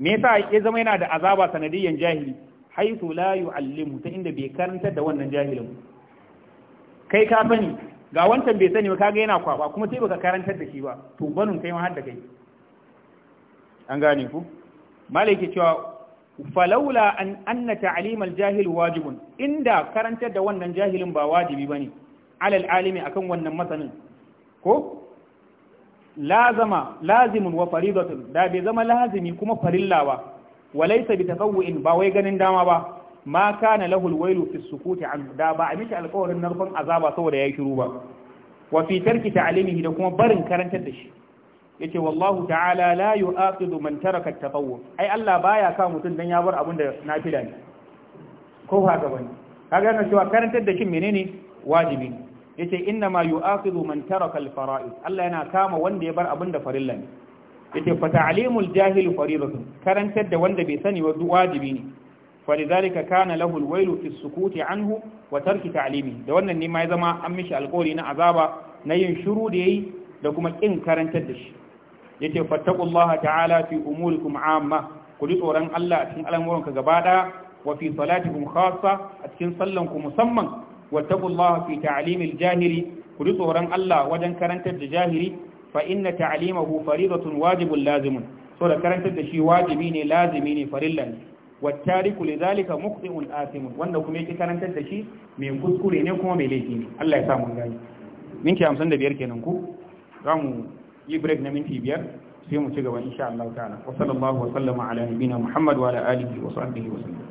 A: me yasa ya zama yana da azaba sanadiyan jahili haythu la yu'allimu ta inda bai karanta da wannan jahilin kai ka sani ga wancan bai sani ba kaga yana kwaba kuma sai baka karantar da shi ba to banun kai ma har da kai an gane ku malaki cewa falaula an anna ta'lim al-jahil wajibun inda karantar da wannan jahilin ba wajibi bane alal alimi akan wannan masanin ko lazama lazimun wa faridatun da bai zama lazimi kuma Farillawa. ba walaysa bi tatawwu'in ba wai ganin dama ba ma kana lahul al-wailu fi sukuti an da ba a mishi alƙawarin narfan azaba saboda ya shiru ba wa fi tarki ta'limihi da kuma barin karantar da shi yace wallahu ta'ala la yu'aqidu man taraka at-tatawwu ai Allah baya ka mutun dan ya bar abin da nafila ne ko haka bane kaga na cewa karantar da shin menene wajibi yace inna ma yu'aqidu man taraka al-fara'id Allah yana kama wanda ya bar abin da farilla ne yace fa ta'limul jahil faridatun karantar da wanda bai sani wa wajibi ne فلذلك كان له الويل في السكوت عنه وترك تعليمه da wannan ne ma ya zama an mishi alƙawari na azaba na yin shiru da yayi da kuma kin karantar da shi yace fattaqullaha ta'ala fi umurikum amma ku tsoron Allah a cikin al'amuran ka gaba daya wa fi salatikum khassa a cikin sallan ku musamman wattaqullaha fi ta'limil jahili ku tsoron Allah wajen karantar da jahili fa inna ta'limahu faridatun wajibun lazimun so da karantar da shi wajibi ne lazimi ne farilla ne wattariku lidhalika muqti'un asimun wanda kuma yake karantar da shi mai kuskure ne kuma mai laifi ne Allah ya sa mun gani minki 55 kenan ku zamu yi break na minti biyar sai mu ci gaba insha Allah ta'ala wa sallallahu wa sallama ala nabina Muhammad wa ala alihi wa sahbihi wa sallam